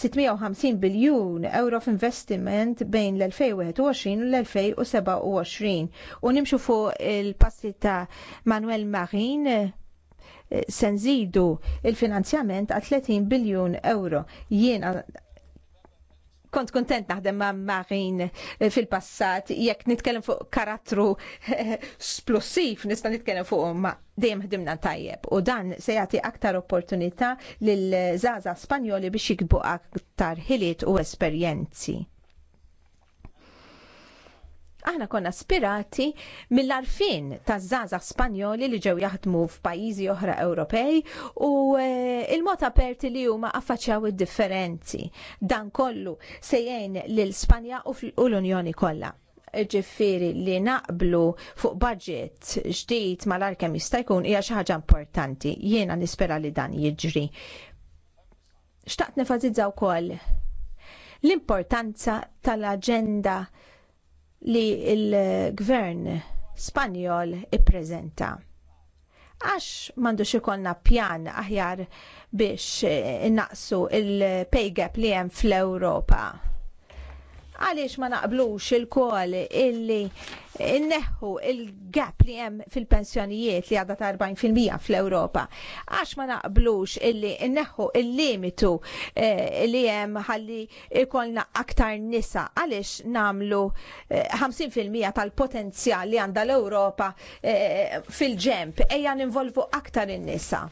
650 biljun euro f'investiment bejn l-2021 u l-2027 u nimxu fuq il-passi ta' Manuel Marin senzidu eh, se nżidu il-finanzjament għal 30 biljun euro. Jiena Kont kontent naħdem ma' Marin eh, fil-passat, jekk nitkellem fuq karattru eh, splussiv, nista' nitkellem fuq ma' dejjem ħdimna tajjeb. U dan se jagħti aktar opportunità lil żaza Spanjoli biex jikbu aktar ħiliet u esperjenzi aħna konna spirati mill-arfin taż-żaza Spanjoli li ġew jaħdmu f'pajjiżi oħra Ewropej u e, il-mod aperti li huma affaċċjaw id-differenzi. Dan kollu sejjen lil Spanja u l-Unjoni kollha ġifiri li naqblu fuq budget ġdid mal-arkem jista' jkun hija xi ħaġa importanti. Jiena nispera li dan jiġri. Xtaqt nefazizzaw wkoll l-importanza tal-aġenda li il-gvern Spanjol ippreżenta. Għax m'għandux ikollna pjan aħjar biex innaqsu il-pay gap li hemm fl-Ewropa Għaliex ma naqblux il-kol illi inneħħu il-gap li hemm fil-pensjonijiet li għadha ta' 40% fl-Ewropa. Għax ma naqblux illi inneħħu il-limitu eh, li hemm ħalli ikolna aktar nisa għaliex namlu 50% eh, tal-potenzjal li għandha l-Ewropa eh, fil-ġemp ejja ninvolvu aktar in-nisa.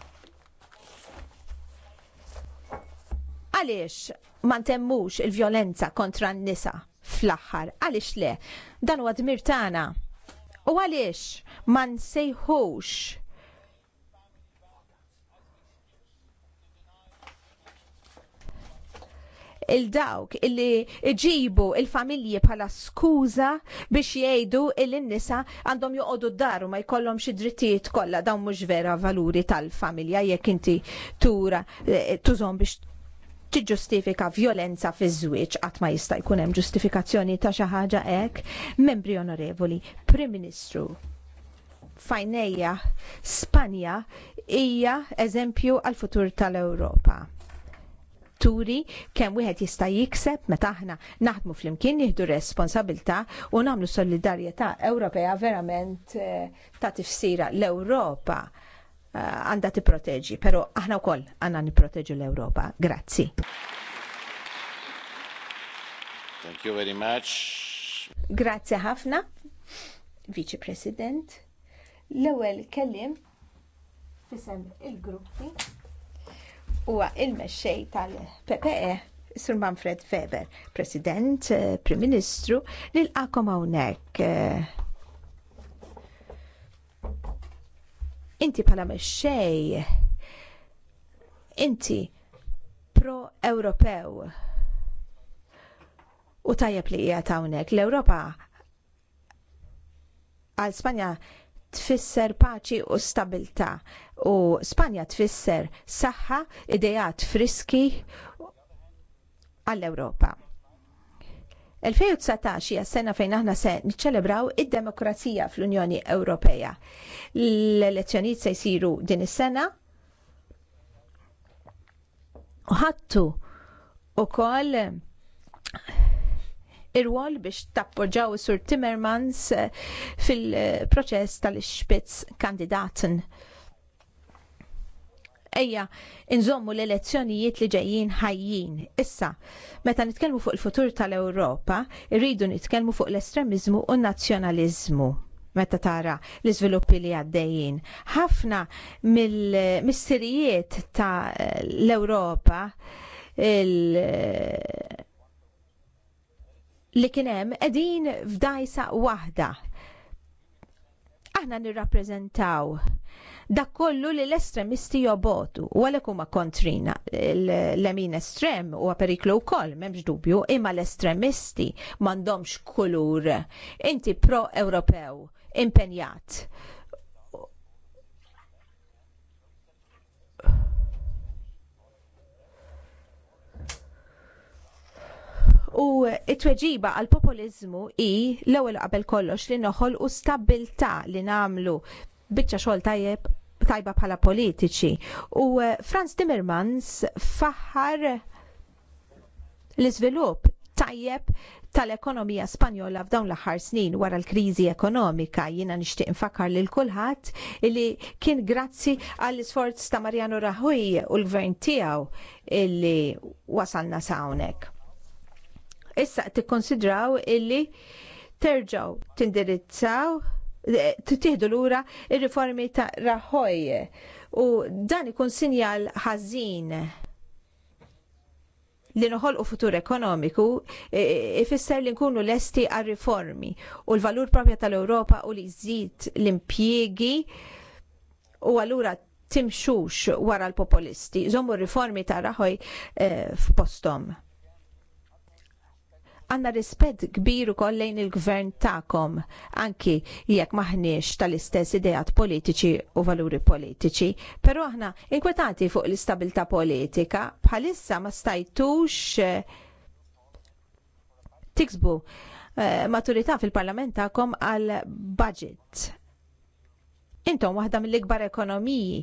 Għaliex ma il-vjolenza kontra n-nisa fl-aħħar. Għaliex le? Dan huwa għadmir tagħna. U għaliex ma nsejħux il-dawk illi iġibu il-familji bħala skuża biex jgħidu il nisa għandhom joqogħdu d-daru ma jkollhom xi drittijiet kollha dawn mhux vera valuri tal-familja jekk inti tura eh, tużhom biex tiġġustifika violenza fiż-żwieġ qatt ma jista' jkun hemm ġustifikazzjoni ta' xi ħaġa hekk. Membri onorevoli, Prim Ministru, fajnejja Spanja hija eżempju għal futur tal-Ewropa. Turi kemm wieħed jista' jikseb meta aħna naħdmu flimkien nieħdu responsabilità u nagħmlu solidarjetà Ewropea verament eh, ta' tifsira l-Ewropa Eh, t-proteġi, però aħna wkoll għandna nipproteġu l-Ewropa. Grazzi. Thank you very much. Grazzi ħafna, Vice President. L-ewwel kellim fisem il-gruppi huwa il-mexxej tal-PPE Sir Manfred Weber, President, eh, Prim Ministru, nilqakom hawnhekk eh, Inti bħala xej, Inti pro-Ewropew. U tajjeb li hija hawnhekk l-Ewropa għal Spanja tfisser paċi u stabilta u Spanja tfisser saħħa, idejat friski għall-Ewropa. 2019 hija s-sena fejn aħna se niċċelebraw id-demokrazija fl-Unjoni Ewropea. L-elezzjonijiet se jsiru din is-sena u ħattu ukoll ir-rwol biex tappoġġaw is-Sur Timmermans fil-proċess tal-Spitz kandidaten ejja inżommu l-elezzjonijiet li ġejjin ħajjin. Issa, meta nitkellmu fuq il-futur tal-Ewropa, irridu nitkellmu fuq l-estremizmu u n-nazzjonaliżmu meta tara l-iżviluppi li għaddejjin. Ħafna mill-missirijiet ta' l-Ewropa li kienem edin f'dajsa waħda. Aħna nirrappreżentaw dak kollu li l-estremisti jobotu u għalhekk huma kontrina l emin estrem huwa periklu wkoll m'hemmx dubju imma l-estremisti m'għandhomx kulur inti pro-Ewropew impenjat U it-tweġiba għal populizmu i l-ewwel qabel kollox li noħol u stabilta li namlu biċċa xogħol tajjeb tajba bħala politiċi. U eh, Franz Timmermans faħar l-iżvilupp tajjeb tal-ekonomija Spanjola f'dawn l-aħħar snin wara l-kriżi ekonomika jiena nixtieq infakkar lil kulħadd li kien grazzi għall isforz ta' Mariano Rajoy u l-gvern tiegħu illi wasalna sawnek. Issa tikkonsidraw illi terġgħu tindirizzaw l lura il riformi ta' Rajoy u dan ikun sinjal ħażin li noħolqu futur ekonomiku e, e, ifisser li nkunu lesti għal riformi u l-valur propja tal-Ewropa u li jżid l-impjiegi u allura timxux wara l-populisti. Zommu riformi ta' raħoj e, f'postom għanna rispett kbir ukoll lejn il-gvern tagħkom anki jekk maħniex tal-istess idejat politiċi u valuri politiċi, però aħna inkwetati fuq l-istabilta politika bħalissa ma stajtux eh, tiksbu eh, maturità fil-parlament tagħkom għal budget Intom waħda mill-ikbar ekonomiji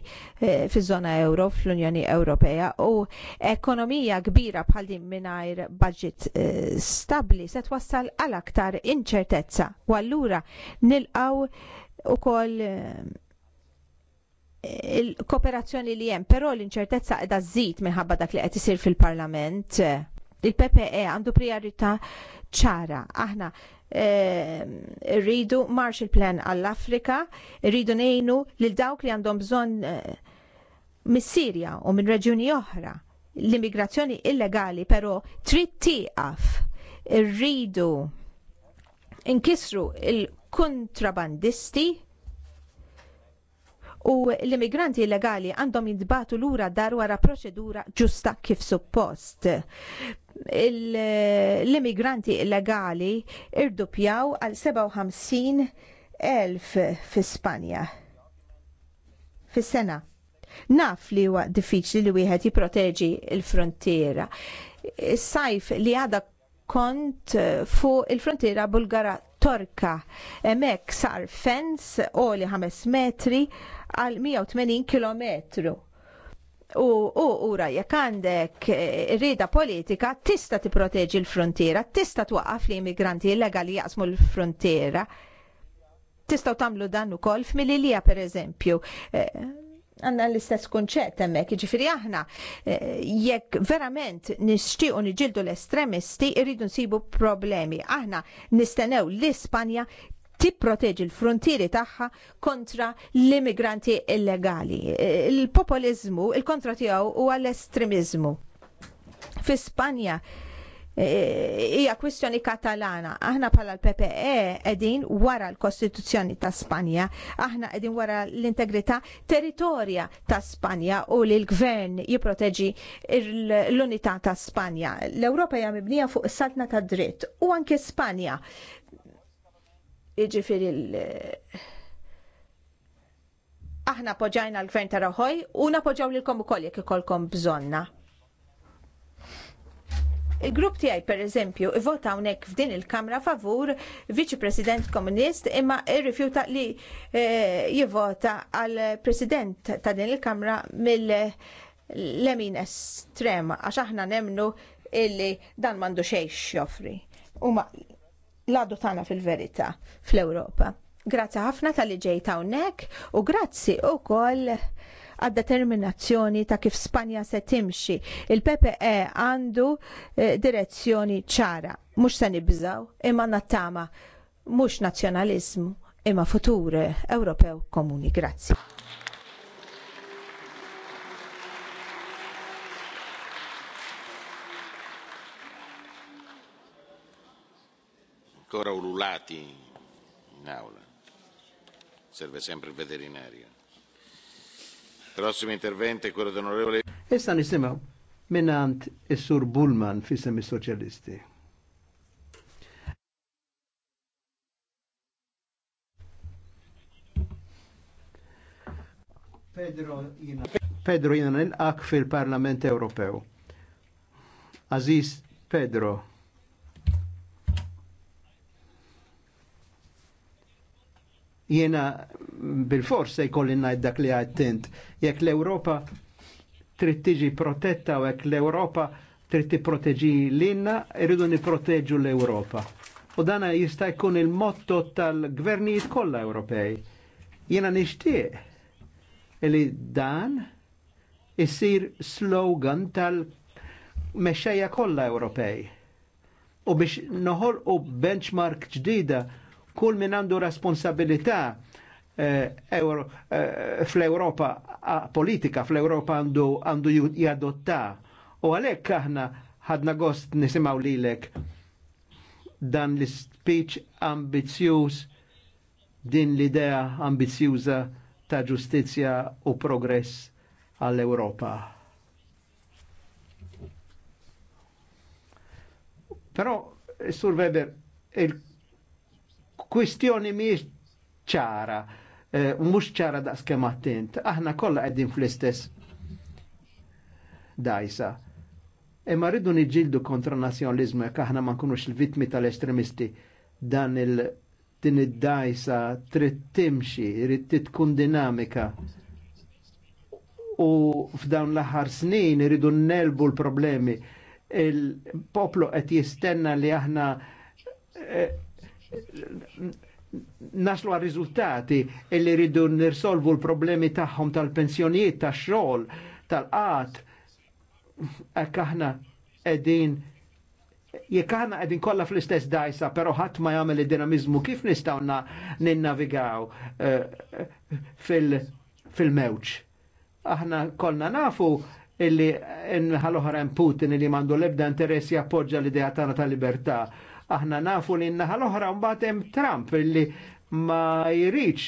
eh, fiż-żona euro fl-Unjoni Ewropea u ekonomija kbira bħal din mingħajr budget eh, stabbli se twassal għal aktar inċertezza u allura nilqaw ukoll e, il-kooperazzjoni li hemm, però l-inċertezza qiegħda żżid minħabba dak li qed isir fil-Parlament il-PPE għandu prijorità ċara. Aħna eh, rridu Marshall Plan għall-Afrika, rridu nejnu lil dawk li għandhom bżonn eh, mis-Sirja u minn reġjuni oħra. L-immigrazzjoni illegali però trid tieqaf irridu inkisru il-kontrabandisti u l-immigranti illegali għandhom jintbatu lura dar wara proċedura ġusta kif suppost l-immigranti illegali irdupjaw għal 57.000 elf fi Spanja fis-sena. Naf li huwa diffiċli li wieħed jipproteġi l-frontiera. Is-sajf li għada kont fuq il-frontiera Bulgara Torka. Hemmhekk sar fens oli ħames metri għal 180 km. U ura jekk għandek eh, rida politika tista proteġi l-frontiera, tista twaqqaf li immigranti illegali jaqsmu l-frontiera. Tistaw tamlu dan ukoll f'Mililija pereżempju eh, għanna l-istess kunċett emmek, ġifiri aħna, eh, jekk verament nixtiequ niġildu l-estremisti, irridu nsibu problemi. Aħna nistenew l-Ispanja tipproteġi l-frontieri tagħha kontra l-immigranti illegali. Il-populizmu, il-kontra tiegħu huwa l-estremizmu. Fi Spanja e, hija kwistjoni katalana. Aħna bħala l-PPE qegħdin wara l-Kostituzzjoni ta' Spanja, aħna qegħdin wara l-integrità territorja ta' Spanja u li l-gvern jipproteġi l-unità ta' Spanja. L-Ewropa hija mibnija fuq is-saltna ta' dritt u anke Spanja l- aħna poġġajna l-gvern ta' Raħoj u napoġġaw lilkom ukoll jekk ikolkom bżonna. Il-grupp tiegħi pereżempju ivvota hawnhekk f'din il-Kamra favur Viċi President Komunist imma rrifjuta li eh, jivvota għal President ta' din il-Kamra mill-lemin Estrema għax aħna nemnu illi dan m'għandu xejn joffri. Huma l-għadu tagħna fil-verità fl-Ewropa. Grazzi ħafna tal ġej ta' hawnhekk u grazzi wkoll għad determinazzjoni ta' kif Spanja se timxi. Il-PPE għandu eh, direzzjoni ċara, mhux se nibżaw, imma nattama, mhux nazzjonaliżmu, imma futur Ewropew komuni. Grazzi. ancora ululati in aula. Serve sempre il veterinario. Prossimo intervento è quello dell'onorevole. Issa nisimaw minnant e sur Bullman fissem socialisti soċjalisti Pedro jina. Pedro jina fil-Parlament Ewropew. Aziz Pedro. Jena bil-fors se jkolli ngħid dak li għattint. Jek l europa trid tiġi protetta u jekk l europa trid tipproteġi l-inna, irridu niproteġu l europa U dana jista' jkun il-motto tal-gvernijiet kollha Ewropej. Jena nixtieq li dan isir slogan tal-mexxejja kollha Ewropej. U biex noħolqu benchmark ġdida kull min għandu responsabilità eh, eh, fl-Europa politika, fl-Europa għandu għandu jadotta. U għalek aħna ħadna gost nisimaw lilek dan l-speech ambizjuż, din l-idea ambizjuża ta' ġustizja u progress għall-Europa. Però, Sur Weber, il kwistjoni miex ċara, eh, mhux ċara da' kemm attent. Aħna kollha qegħdin fl-istess dajsa. Imma rridu nġildu kontra nazjonalizmu jekk aħna ma nkunux il-vittmi tal-estremisti dan il- din id-dajsa trid timxi, trid tkun dinamika. U f'dawn l-aħħar snin irridu nelbu l-problemi. Il-poplu qed jistenna li aħna eh, naslu għal riżultati illi rridu nirsolvu l-problemi tagħhom tal-pensjonijiet, tax-xogħol, tal-qat. Hekk aħna qegħdin jekk aħna qegħdin kollha fl-istess dajsa, però ħadd ma jagħmel id-dinamiżmu kif nistgħu ninnavigaw eh, fil-mewġ. aħna kollna nafu illi nħal Putin illi mandu l-ebda interess jappoġġa l-idea tagħna tal-libertà. Ta Aħna nafu li n-naħa l-oħra mbagħad hemm Trump li ma jirriċ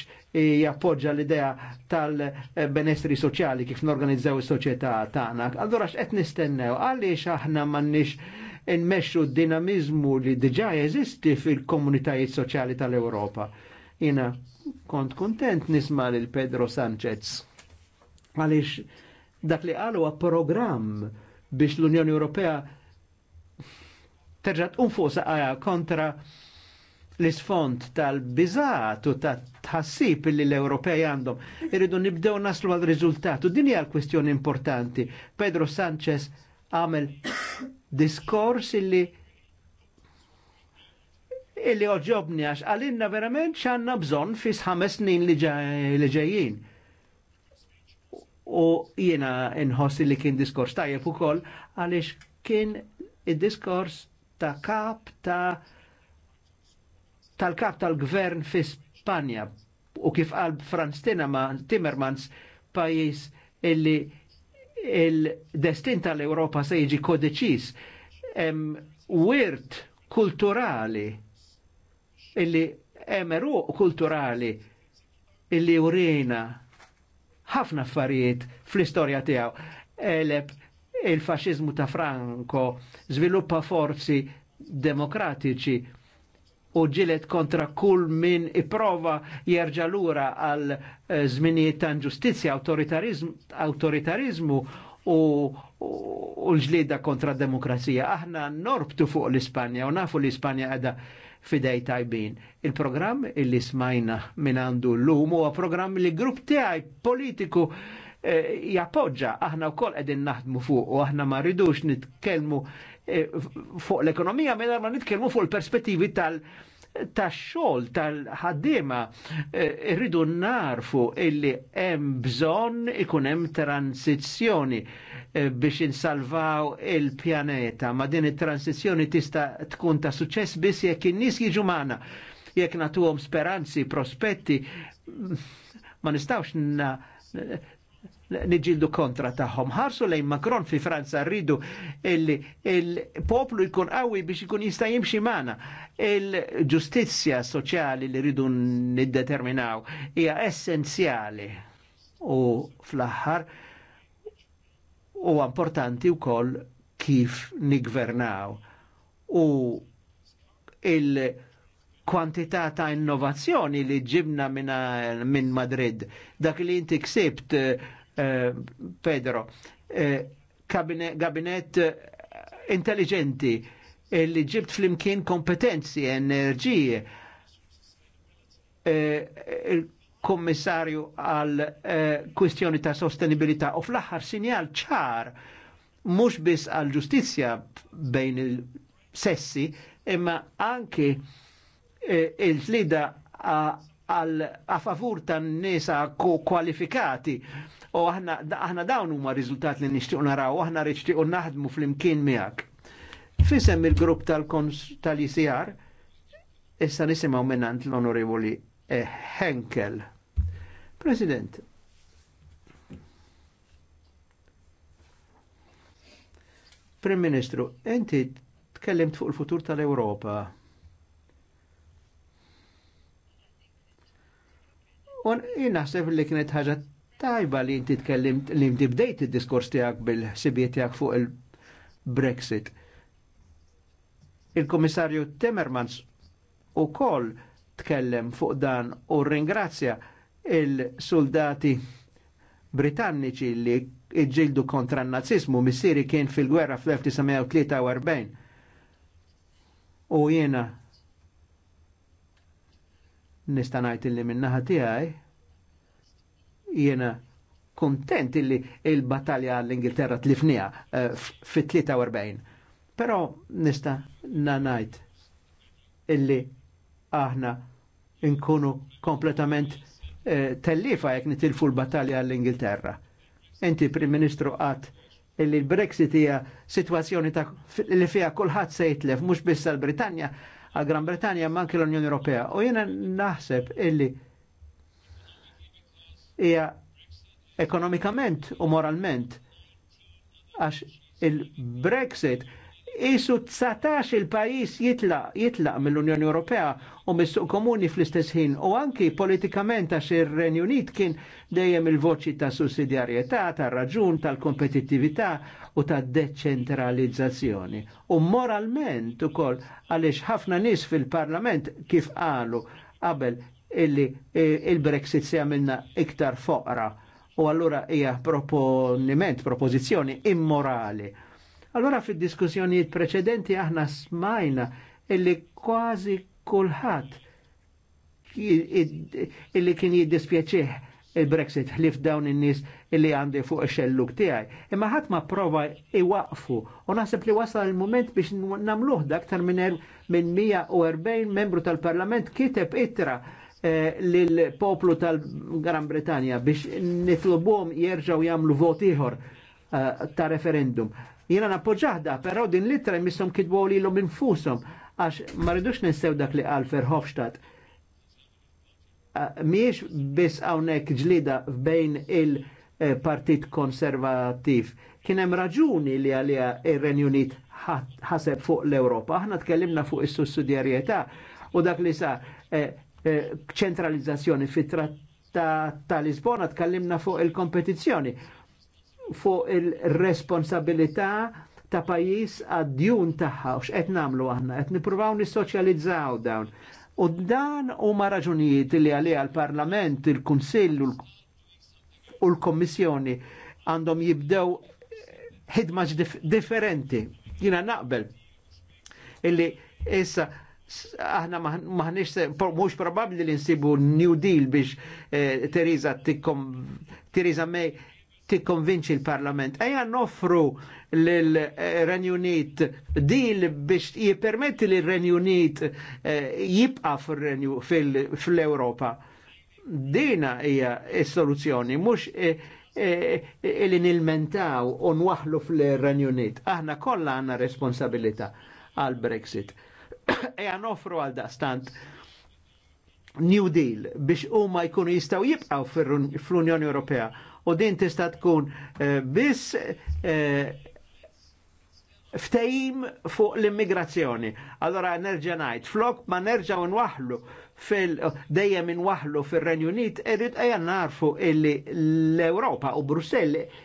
jappoġġa l-idea tal-benestri soċjali kif norganizzaw is-soċjetà tagħna. Allura x'qed nistennew għaliex aħna m'għandniex nmexxu d-dinamizmu li diġà jeżisti fil-komunitajiet soċjali tal-Ewropa. Jiena kont kontent nisma' lil Pedro Sanchez għaliex dak li qalu programm biex l-Unjoni Ewropea terġa' tqum fuq eh, kontra l-isfond tal-biżat u ta' tħassib li l-Ewropej għandhom. Irridu nibdew naslu għal u Din hija l-kwestjoni importanti. Pedro Sanchez għamel diskors illi illi oġobni għax għalinna verament xanna bżon fi ħames snin li ġejjin. U jiena nħossi li kien diskors tajjeb ukoll għaliex kien id-diskors ta' kap ta' tal-kap tal-gvern fi Spanja u kif qal Franz Timmermans pajis illi il-destin tal-Europa se jiġi kodeċis wirt kulturali illi emeru kulturali illi urina ħafna affarijiet fl-istorja tiegħu eleb il-faxizmu ta' Franco sviluppa forzi demokratiċi u ġilet kontra kull min iprova jerġa lura għal eh, żminijiet ta' ġustizzja, autoritarizmu u, l-ġlida kontra demokrazija. Aħna norbtu fuq l-Ispanja u nafu l-Ispanja għada fidej tajbin. Il-programm illi smajna minn għandu l-lum huwa programm li grupp tiegħi politiku Eh, jappoġġa aħna wkoll qegħdin naħdmu fuq u aħna ma rridux nitkellmu eh, fuq l-ekonomija mela ma nitkellmu fuq il-perspettivi tal- tax-xogħol tal-ħaddiema eh, irridu narfu illi hemm bżonn ikun hemm transizzjoni biex insalvaw il-pjaneta. Ma din it-transizzjoni tista' tkun ta' suċċess biss jekk in-nies jiġu magħna. Jekk nagħtuhom speranzi, prospetti, ma nistgħux niġildu kontra taħħom. Ħarsu lejn Macron fi Franza rridu il-poplu jkun qawwi biex ikun jista' jimxi magħna. Il-ġustizzja soċjali li rridu niddeterminaw hija essenzjali u fl-aħħar u importanti wkoll kif nigvernaw. U il- kwantità ta' innovazzjoni li ġibna minn Madrid. Dak li inti ksibt, eh, Pedro, eh, gabinet eh, intelligenti eh, li ġibt flimkien kompetenzi, enerġije. Eh, Il-kommissarju għal kwistjoni ta' sostenibilità u fl-aħħar sinjal ċar mux bis għal ġustizja bejn il-sessi, imma anki E, il-tlida a favur tan nisa kwalifikati u aħna dawn huma riżultat li nixtiequ naraw, aħna rixtiequ naħdmu fl-imkien miegħek. Fisem il-grupp tal-ICR, issa nisimaw minnant l-onorevoli eh, Henkel. President, Prim Ministru, enti tkellimt fuq il-futur tal-Europa. Un naħseb li kienet ħaġa tajba li inti tkellimt li inti bdejt id-diskors tiegħek bil-sibiet tiegħek fuq il-Brexit. Il-Komissarju Timmermans u tkellem fuq dan u ringrazzja il-soldati britanniċi li iġildu kontra n-nazismu, missieri kien fil-gwerra fl-1943. U jena nista' ngħid illi min-naħa tiegħi jiena kontent illi il-battalja l-Ingilterra tlifnija eh, fit-43. Però nista' ngħid illi aħna nkunu kompletament eh, tellifa jekk nitilfu l-battalja l-Ingilterra. Inti Prim Ministru qatt illi l-Brexit hija sitwazzjoni ta' li fiha kulħadd se jitlef mhux biss l-Brittanja għal Gran Bretanja ma anke l-Unjoni Ewropea. U jiena naħseb illi hija ekonomikament u moralment għax il-Brexit Isu 19 il-pajis jitlaq jitlaq mill-Unjoni Ewropea u mis-suq komuni fl-istess ħin u anki politikament għax ir-Renju Unit kien dejjem il-voċi ta' sussidjarjetà, ta' raġun, tal-kompetittività u ta' deċentralizzazzjoni. U moralment ukoll għaliex ħafna nies fil-Parlament kif qalu qabel illi e, il-Brexit se minna iktar foqra u allura hija proponiment, propożizzjoni immorali Allora fid-diskussjonijiet preċedenti aħna smajna illi kważi kulħadd illi kien jiddispjaċih il-Brexit ħlif dawn in-nies illi għandi fuq ix-xelluk tiegħi. Imma ħadd ma prova iwaqfu u naħseb li wasal il-mument biex nagħmluh dak minn er-, minn 140 membru tal-Parlament kiteb ittra eh, lill-poplu tal-Gran Bretanja biex nitlobhom jerġgħu jagħmlu vot ieħor eh, ta' referendum. Jena nappoġġaħda, però din litra jmissom kidbu li l-om infusom, għax ma ninsew dak li għal Verhofstadt. Miex bis għawnek ġlida bejn il-partit konservativ. Kienem raġuni li għalija il-Renju Unit ħaseb fuq l-Europa. Aħna tkellimna fuq is-sussidjarjetà u dak li sa e, e, ċentralizzazzjoni fit-trattat ta' Lisbona tkellimna fuq il-kompetizzjoni fuq il-responsabilità ta' pajis għad-djun taħħa, u x'qed namlu aħna, qed nippruvaw nissoċjalizzaw dawn. U dan huma raġunijiet li għalija l-Parlament, il-Kunsill u l komissjoni għandhom jibdew ħidma differenti. Jina naqbel illi issa aħna maħnix, mux probabli li nsibu New Deal biex eh, Teresa May tikkonvinċi l-Parlament. Ejja noffru l eh, renjunit dil biex jipermetti li l renjunit eh, jibqa fil-Europa. Dina hija s-soluzzjoni, mhux eh, li nilmentaw u nwaħlu fil renjunit Aħna kollha għandna responsabilità għal-Brexit. Eja noffru għal daqstant New Deal biex huma jkunu jistgħu jibqgħu fl-Unjoni Ewropea u din tista' tkun eh, biss eh, ftejim fuq l-immigrazzjoni. Allora nerġa' ngħid, flok ma nerġa' nwaħlu fil dejjem inwaħlu fir-Renju Unit, irid ejja narfu illi l-Ewropa u Brussell eh,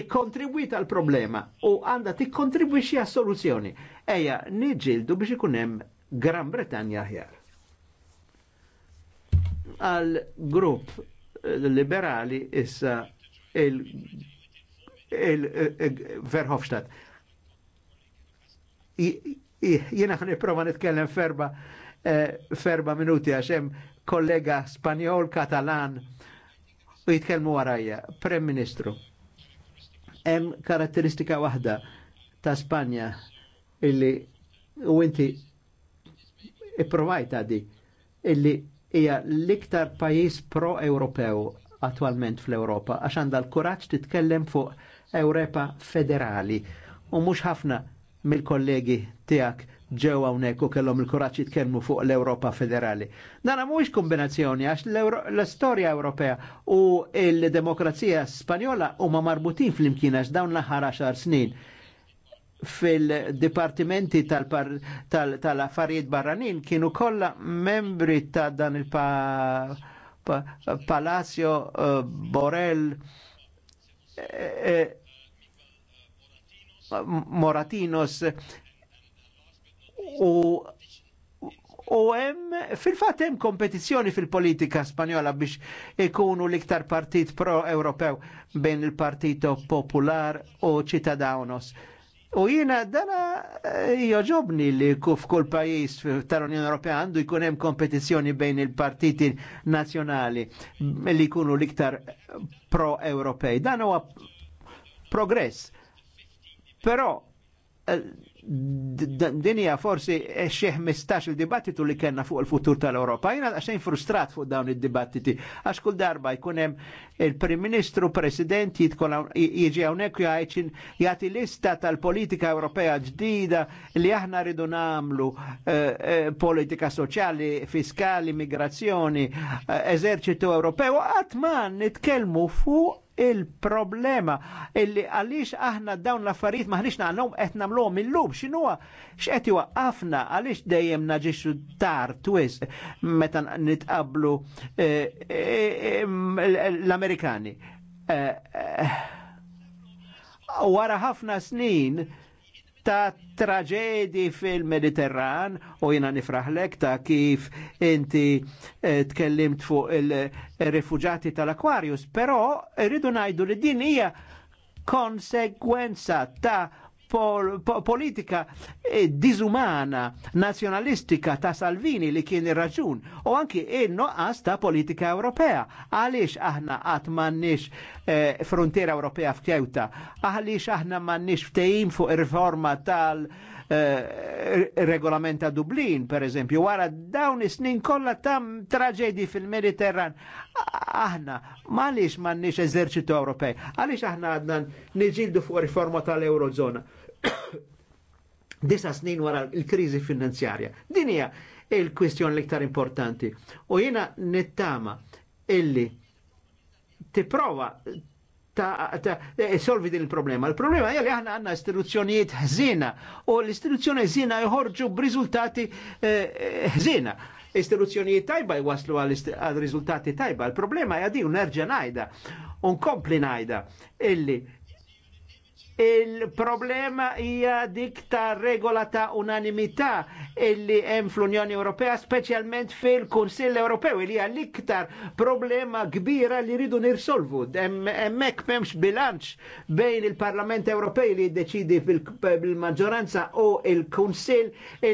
ikkontribwit għal problema u għandha tikkontribwixxi għas soluzzjoni. Ejja niġildu biex ikun hemm Gran Bretagna ħjar. Għal grupp liberali issa il-Verhofstadt. Jena ħan prova nitkellem ferba, eh, ferba minuti għaxem kollega Spanjol, Katalan u jitkellmu warajja. Prem Ministru, hemm karatteristika waħda ta' Spanja illi u inti provajta di illi hija l-iktar pajjiż pro-Ewropew attualment fl-Ewropa għax għandha l-kuraġġ titkellem fuq Ewropa federali u mhux ħafna mill-kollegi tiegħek ġew hawnhekk u kellhom il-kuraġġ jitkellmu fuq l-Ewropa federali. Dan mhuwiex kombinazzjoni għax l-istorja Ewropea u l-demokrazija Spanjola huma marbutin fl-imkien għax dawn l-aħħar 10 snin fil-dipartimenti tal-affarijiet tal tal barranin kienu kollha membri ta' dan il-pa pa Palazzo uh, eh, Borel eh, eh, Moratinos u u hemm fil-fatt hemm kompetizzjoni fil-politika Spanjola biex ikunu l-iktar partit pro-Ewropew bejn il-Partito Popolar u Ċitadawnos. U jina dana eh, joġobni li kuf kull pajis tal-Unjoni Ewropea għandu jkun hemm kompetizzjoni bejn il-partiti nazjonali li jkunu liktar pro-Ewropej. Dan huwa progress. Però eh, dinja forsi xieħ mistax il-dibattitu li kena fuq il-futur tal-Europa. Jena xejn frustrat fuq dawn il-dibattiti. Għax kull darba jkunem il-Prim Ministru, President jieġi għawnek jgħajċin jgħati lista tal-politika Ewropea ġdida li aħna ridu namlu eh, eh, politika soċjali, fiskali, migrazzjoni, eh, eżerċitu Ewropew. Għatman nitkelmu fuq il-problema illi għaliex aħna dawn l-affarijiet maħnix naqnom qed nagħmluhom illum x'inhuwa x'qed iwaqqafna għaliex dejjem naġixxu tar twis meta nitqablu eh, eh, eh, l-Amerikani. Wara ħafna snin ta' traġedi fil-Mediterran u jina nifraħlek ta' kif inti eh, tkellimt fuq il-refugġati tal-Aquarius, Pero rridu najdu li din hija konsekwenza ta' pol politika eh, dizumana, nazjonalistika ta' Salvini li kien irraġun raġun u anki il-noqqas ta' politika Ewropea. Għaliex aħna għat m'għandniex eh, frontiera Ewropea f'kjewta? Għaliex aħna m'għandniex ftejim fuq ir reforma tal- Eh, regolament ta' Dublin, per eżempju, wara dawn is-snin kollha ta' traġedi fil-Mediterran. Aħna, għaliex m'għandniex eżerċitu Ewropej, għaliex aħna għadna niġildu fuq riforma tal-Eurozona. Disa snin wara l-kriżi finanzjarja. Din hija il-kwistjon l-iktar importanti. U jiena nittama illi tipprova ta', ta eh, solvi din il-problema. Il-problema hija li aħna għandna istituzzjonijiet ħżina u l-istituzzjoni ħżina joħorġu b'riżultati eh, ħżina. Istituzzjonijiet tajba jwaslu għal riżultati tajba. Il-problema hija di nerġa' ngħidha, unkompli ngħidha illi Il-problema hija dik ta' regola ta' unanimità illi hemm fl-Unjoni Ewropea, speċjalment fil-Kunsill Ewropew, li hija l-iktar problema kbira li ridu nirsolvu. Hemmhekk m'hemmx bilanċ bejn il-Parlament Ewropej li jiddeċidi bil-maġġoranza u il-Kunsill